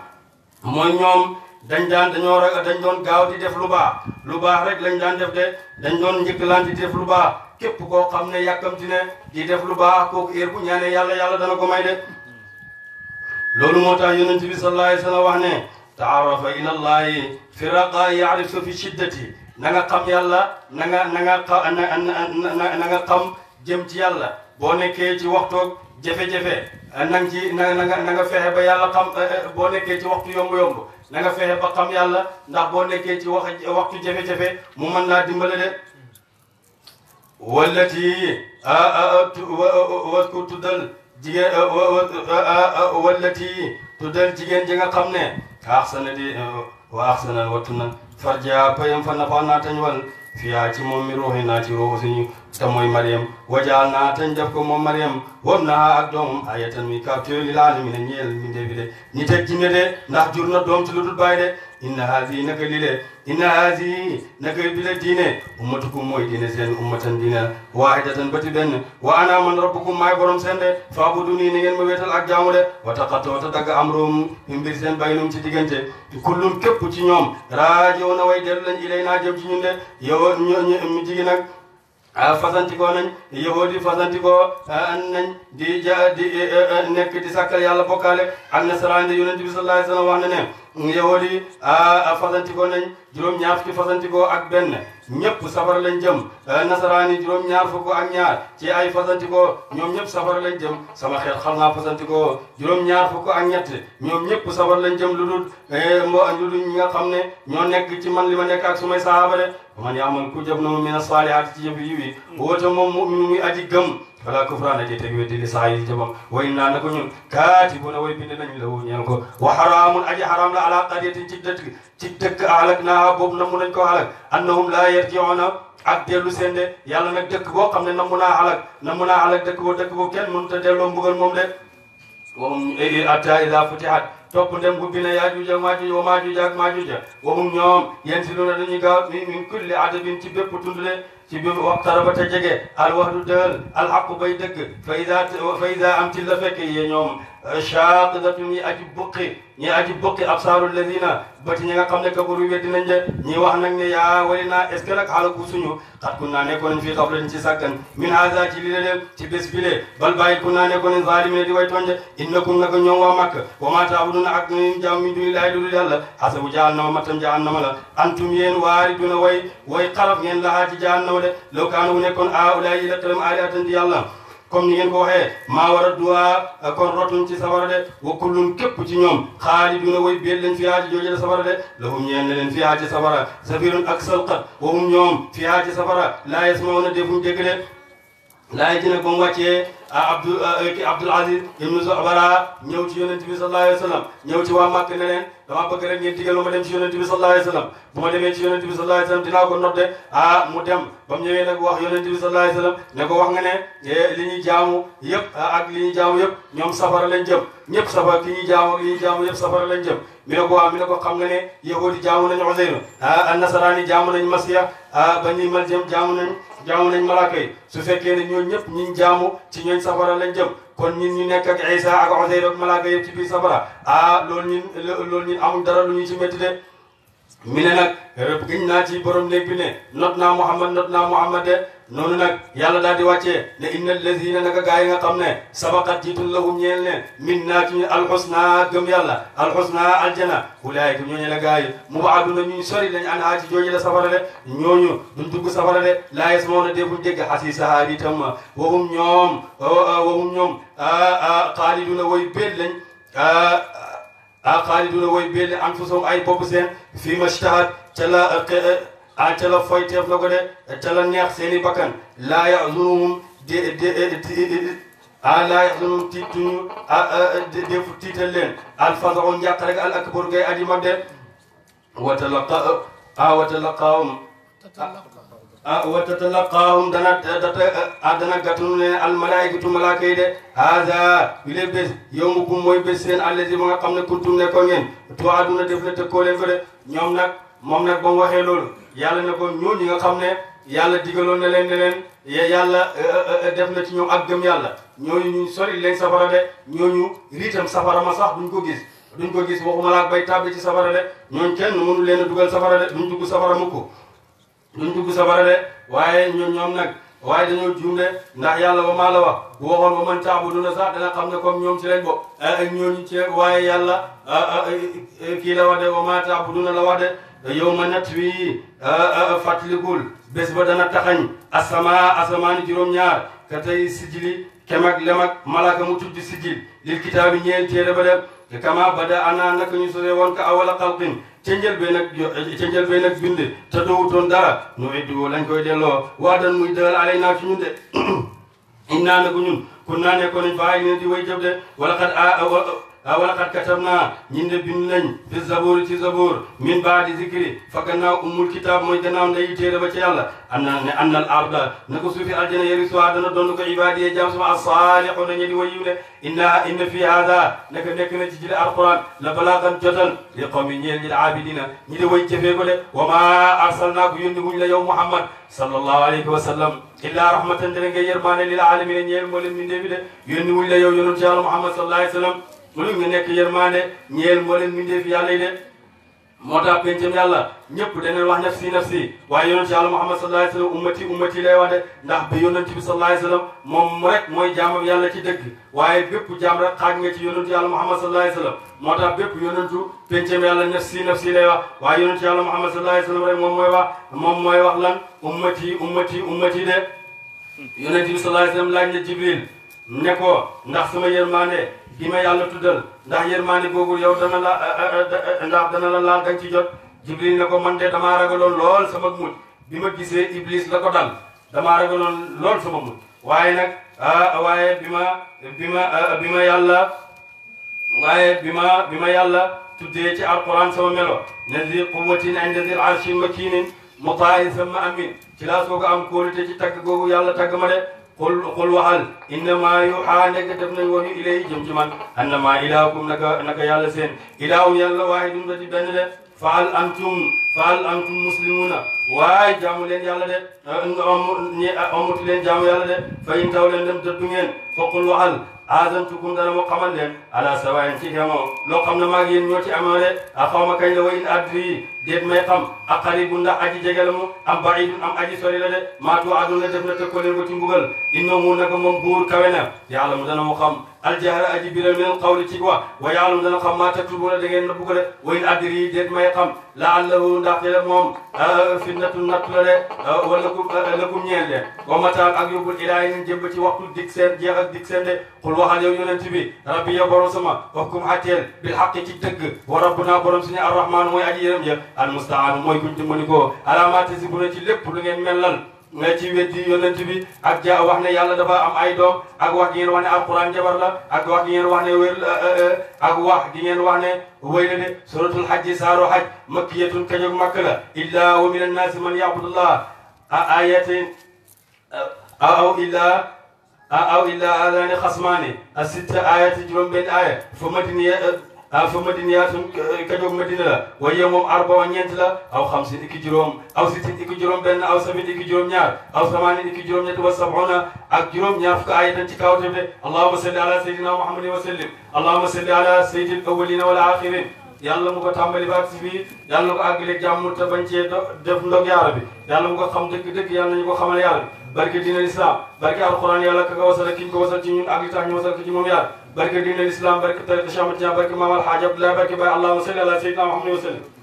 mooy ñoom dañ daan dañoo ragal dañ doon gaaw di def lu baax lu baax rek lañ daan def de dañ doon njëkkalante di def lu baax képp koo xam ne yàkkamti ne di def lu baax kooku heure bu ñaanee yàlla yàlla dana ko may de loolu moo tax yonent bi sallallahu alayhi wa sallam wax ne taarafa ila llahi fi raqa yaarifka fi shiddati na nga yàlla na nga na nga xam ci yàlla boo nekkee ci waxtoog jafe-jafe eh, na nga ci na nga nga fexe ba yàlla xam eh, eh, boo nekkee ci waxtu yomb-yomb na nga fexe ba xam yàlla ndax boo nekkee ci wax waxtu jafe-jafe mu mën naa dimbale de wallati wasku tuddal jigéen wallati tuddal jigéen ji nga ne axsana di wa axsana wattu na farja payam fa nafa naa tañ wal fiyaa ci moom mi ruuxi naa ci ruuxu suñu te mooy Mariam wa naa te ñu def ko moom Mariam wam naa ak doomam ayatan muy capteur yi laal mi ne ñeel mi ndefi de ñi teg jinne de ndax jur na doom ci lu dul bàyyi de inna haasi naka li de inna haasi naka bi la diine ummatukum mooy diine seen ummatan diine waahidatan bati benn wa ana man rabbukum maay borom seen de faabudu nii ni ngeen ma weetal ak jaamu de wa taqattoo te dagg amroom mbir seen baynum ci diggante kullum képp ci ñoom raajoo na way dellu lañ ilay ah fasantikoo nañ yahudi yi fasantikoo nañ di ja di eh, eh, nekk di sàkkal yàlla bokkaale ak nasaraan yonent bi sallallahu alayhi wa sallam wax na ne yahood yi fasantikoo nañ juróom-ñaar fukki fasantikoo ak benn ñëpp safara lañ jëm nasaraan yi juróom-ñaar fukk ak ñaar ci ay fasantikoo ñoom ñëpp safar lañ jëm sama xeet xam naa fasantikoo juróom-ñaar fukk ak ñett ñoom ñëpp safara lañ jëm lu dul e, mbo lu dul ñi nga xam ne ñoo nekk ci man li ma nekk ak sumay sahaaba de man yaamal ku jëf na mu mina saalihaati ci jëf yi wi woote moom muminu muy aji gëm wala kufraan a teg weddi a saa yi jëmam way naan na ko ñun kaati bu na way na nañu la wu ñeel ko wa xaraamun aji xaraam la ala qariyatin ci dëkk ci dëkk alak naa boobu namu nañ ko alak annahum laa yarjiuna ak dellu seen de yàlla nag dëkk boo xam ne namu naa alak namu naa alak dëkk boo dëkk boobu kenn mënut a delloo mbugal moom de moom e, e, atta ila futihat topp ndem gu bina yaajuja maajuja wa maajuja ak maajuja wa hum ñoom yenti na dañuy gaaw min kulli adabin ci bépp tund ci biir waxtaraba te jege al waxdu dëhël al xaqu bay dëgg fa ida fa ida am til la fekk yee ñoom shaqidatun ñi aji buqi ñi aji buqi absaaru lazina bëti ñi nga xam ne kabaru weddi nañ de ñi wax nag ne yaa wali naa est ce que nag xalaku suñu xat kun naa nekkoon nañ fii xaf lañ ci sàkkan min haza ci li ci bés bi lee bal bàyyit kun naa nekkoon nañ zaalimine di way tonje innakum naka ñoom waa màkk wa maa taabuduna ak ñun jàmm min duni laay dudul yàlla hasabu jahannama mattam jahannama la antum yéen waari duna way way xaraf ngeen lahaa ci jahannama de law kaanu nekkoon a ulaayi la yàlla comme ni ngeen ko waxee maa war a duwaa kon rotuñ ci safara de wa kullum képp ci ñoom xaaliduna way bi leen fiyaa ci jooju de safara de lahum ñeen leen fiyaa ci safara safirun ak salqat wahum ñoom fiyaa ci safara laa yasmawna defuñ dégg de laay ji nag ba mu Abdou euh, kii Abdoul Aziz ibnu Zabara ñëw ci yonent bi sallallahu alayhi wa sallam ñëw ci waa Màkk ne leen dama bëgg rek ngeen digal ma dem ci yonent bi sallallahu alayhi wa sallam bu ma demee ci yonent bi ko mu dem ba mu ñëwee wax yonent bi sallallahu alayhi wa sallam ne ko wax nga ne e, li ñuy jaamu yëpp ak li ñuy jaamu yëpp ñoom safara lañ jëm ñëpp safara ki ñuy jaamu ak li ñuy jaamu yëpp safara lañ jëm mi ne ko waa mi ne ko xam nga ne yahudi jaamu nañ Uzayr nasaraani a nañ Masiya ba ñuy mal jëm jaamu nañ jaamu nañ malaaka yi su fekkee ne ñooñu ñëpp ñiñ jaamu ci ñooñ safara lañ jëm kon ñun ñu nekk ak Isa ak Useyr ak malaaka yëpp ci biir safara ah loolu ñun loolu ñun amul dara lu ñu ci métti de mi ne nag rëbb giñ naa ci borom néeg bi ne not naa Muhammad not naa Muhammad de noonu nag yàlla daal di wàccee ne inna allazina naka gaa yi ne sabaqat jiitul lahum ñeel min naa ci ñu alxusna gëm yàlla alxusna aljana ulaayika ñooñu la gaa yi mu ba àdduna ñuy la safara de ñooñu safara de laa yasmawna deefuñ dégg xasiisahaa itam wahum wahum ñoom oh, oh, xaaliduna woy béet lañ ay bopp seen fii ma ishtahat a ca la foyteef la ko de ca la neex seen i bakkan laa de de ah laa yaxzunuhum tiituñu ah defu tiital leen alfasaxu njàq rek al akbar ngay aji mag de wa talaqa ah wa talaqaahum ah wa tatalaqaahum dana dana gàttanu ne almalaayikatu de haada yu leen bés yawmukum mooy seen allazi ba nga xam ne kuntum nekkoon ngeen tuwaaduna def la tëkkoo leen fa de ñoom nag moom nag ba waxee lool yàlla na ko ñooñu nga xam ne yàlla digaloon na leen ne leen yàlla e, e, e, def na ci ñoom ak yàlla ñooñu ñu sori leen safara de ñooñu riitam safara ma sax duñ ko gis duñ ko gis waxuma laak bay tàbbi ci safara de ñooñ kenn mënu leen a dugal safara de duñ dugg safara mukk duñ dugg safara de waaye ñoom ñoom nag waaye dañoo juum de ndax yàlla ba maa la wax bu waxoon ba man taabuduna sax dana xam ne comme ñoom ci lañ bokk ak ñooñu ci waaye yàlla kii la wax de ba maa taabuduna la wax de yow ma natt wi fàttalikul bés ba dana taxañ asama asamaani juróom-ñaar ka tey sijili kem ak lem ak malaaka mu tudd sijil lil kitaabi ñeel téere ba dem te kama bada ana naka ñu sore woon ka awala xalqin ca njëlbéen ak ca njëlbéen ak bind te dowutoon dara nu iddu lañ koy delloo wax dan muy dëgal alay naa ci de in naa nako ñun kun naa nekkoon nañ faa ne di way jëf de wala xat a wala xat katab naa ñun de bind nañ fi zaboor ci zaboor min baadi zikri fa gannaaw ummul kitaab mooy gannaaw ndeyi téere ba ci yàlla an na ne an nal arda na ko suufi aljana yeri suwa dana doon ko ibaadi yee jaam sama asaalixuna ñi di wayiw ne inna inna fi hada naka nekk na ci jile alquran la balaagan jotal li qawmi ñeel ñi di aabidina ñi di way jëfee ko de wa maa arsalnaako yónni wuñ la yow muhammad sallallahu alayhi wa sallam illaa rahmatan dana nga yërmaane lil alamina ñeel moo leen mindee bi de yónni wuñ la yow yonent yàlla muhammad sallallahu alayhi wa sallam mu ne mu nekk yërmaande ñeel moo leen mbindeef yàlla yi de moo tax pencam yàlla ñëpp daneen wax nafsi nafsi waaye yonent yàlla muhammad sallallahu alayhi wasallam ummati ummati lay wax de ndax bi yonent bi sallallahu alayhi wasallam moom rek mooy jaamam yàlla ci dëgg waaye bépp jaam rek xaaj nga ci yonent yàlla muhammad sallallahu alayhi wasallam moo tax bépp yonentu pencam yàlla nafsi nafsi lay wax waaye yonent yàlla muhammad sallallahu alayhi rek moom mooy wax moom mooy wax lan ummati ummati ummati de yonent bi sallallahu alayhi wasallam laaj na jibril ne ko ndax sama yërmande ki yàlla tuddal ndax yërmaande googu yow dana la eh, eh, eh, ndax dana la laal danga ci jot jibril ne ko man de damaa ragaloon lool sama mujj bi ma gisee iblis la ko dal damaa ragaloon lool sama mujj waaye nag ah, waaye bi ma bi ma ah, bi ma yàlla waaye bi ma bi ma yàlla tuddee ci alquran sama melo ne zi quwwatin inda zil arshin makinin mutaayin sama amin ci laa soog a am kóolute ci tagg googu yàlla tagg ma de xul xul waxal innama yuuxa nekk def nañ wahyu ilay jëm ci man annama ilaakum naka naka yàlla seen ilaahum yàlla waahidun da di benn de faal antum faal antum muslimuna waay jaamu leen yàlla de nga amuti leen jaamu yàlla de fa in taw leen dem dëddu ngeen fa qul waxal aasantukum dana mu xamal leen ala sawaayin ci xemoo loo xam ne maag yéen ñoo ci amoon de a xaw ma kañ la wa in adri déet may xam ak xaribu ndax aji jege mu am baidun am aji sori la de maa tu aduna def na tëkkoo leen ko ci mbugal innahu naka moom buur kawe na yàlla mu dana mu xam aljahra aji biral min qawli ci wa wa yaalum dana xam maa taktubuna da ngeen nëbb ko de wa in adri déet may xam la allahu ndax de moom ah, fitnatu nattu la de ah, wa lakum ah, lakum ñeel de wa mataan ak yóbbul ilaahi nin jëmb ci waxtu dig seen jeex ak dig seen de xul waxal yow yonent bi rabbi yow borom sama waxkum atteel bil xaqi ci dëgg wa rabbuna borom suñu arrahmaan mooy aji yërëm ja almustaan mooy kuñ dimbali ko alaamaati si bu ne ci lépp lu ngeen mel lan ne ci weddi yonent bi ak ja wax ne yàlla dafa am ay doom ak wax gi ngeen wax ne alquran jabar la ak wax gi ngeen wax ne wér euh, euh, euh, ak wax gi ngeen wax ne wéy la de suratul hajji saaro haj makkiyatun kañog makk la illa wa min annaasi man yabudullah a ayatin aw illa aw illa adani xasmaani a sitta ayati juróom benn aya fa madiniya ah fa madiniyatun kajoog madina la waaye moom arbawa ñeent la aw xamsin iki juróom aw sitin iki juróom benn aw sabin iki juróom ñaar aw samaanin iki juróom ñett wa sabuna ak juróom ñaar fukk ayatan ci kaw tef de allahuma salli ala sayidina muhammadin wa sallim allahuma salli ala sayidil awalina wal axirin yàlla mu ko tàmbali ba ak si fii yàlla na ko àggale jàmm te bañ cee def ndog yaara bi yàlla mu ko xam dëgg-dëgg yàlla nañu ko xamal yaara bi barke diinal islam barke alquran yàlla ka ko wasal ak ki ñu ko wasal ci ñun ak li tax ñu wasal ko ci moom yaara barke diinal islam barke tariqa Cheikh Ahmad Tidiane barke Maam Alhaaji Abdoulaye barke Baye allahuma salli ala sayyidina Muhammad wa sallim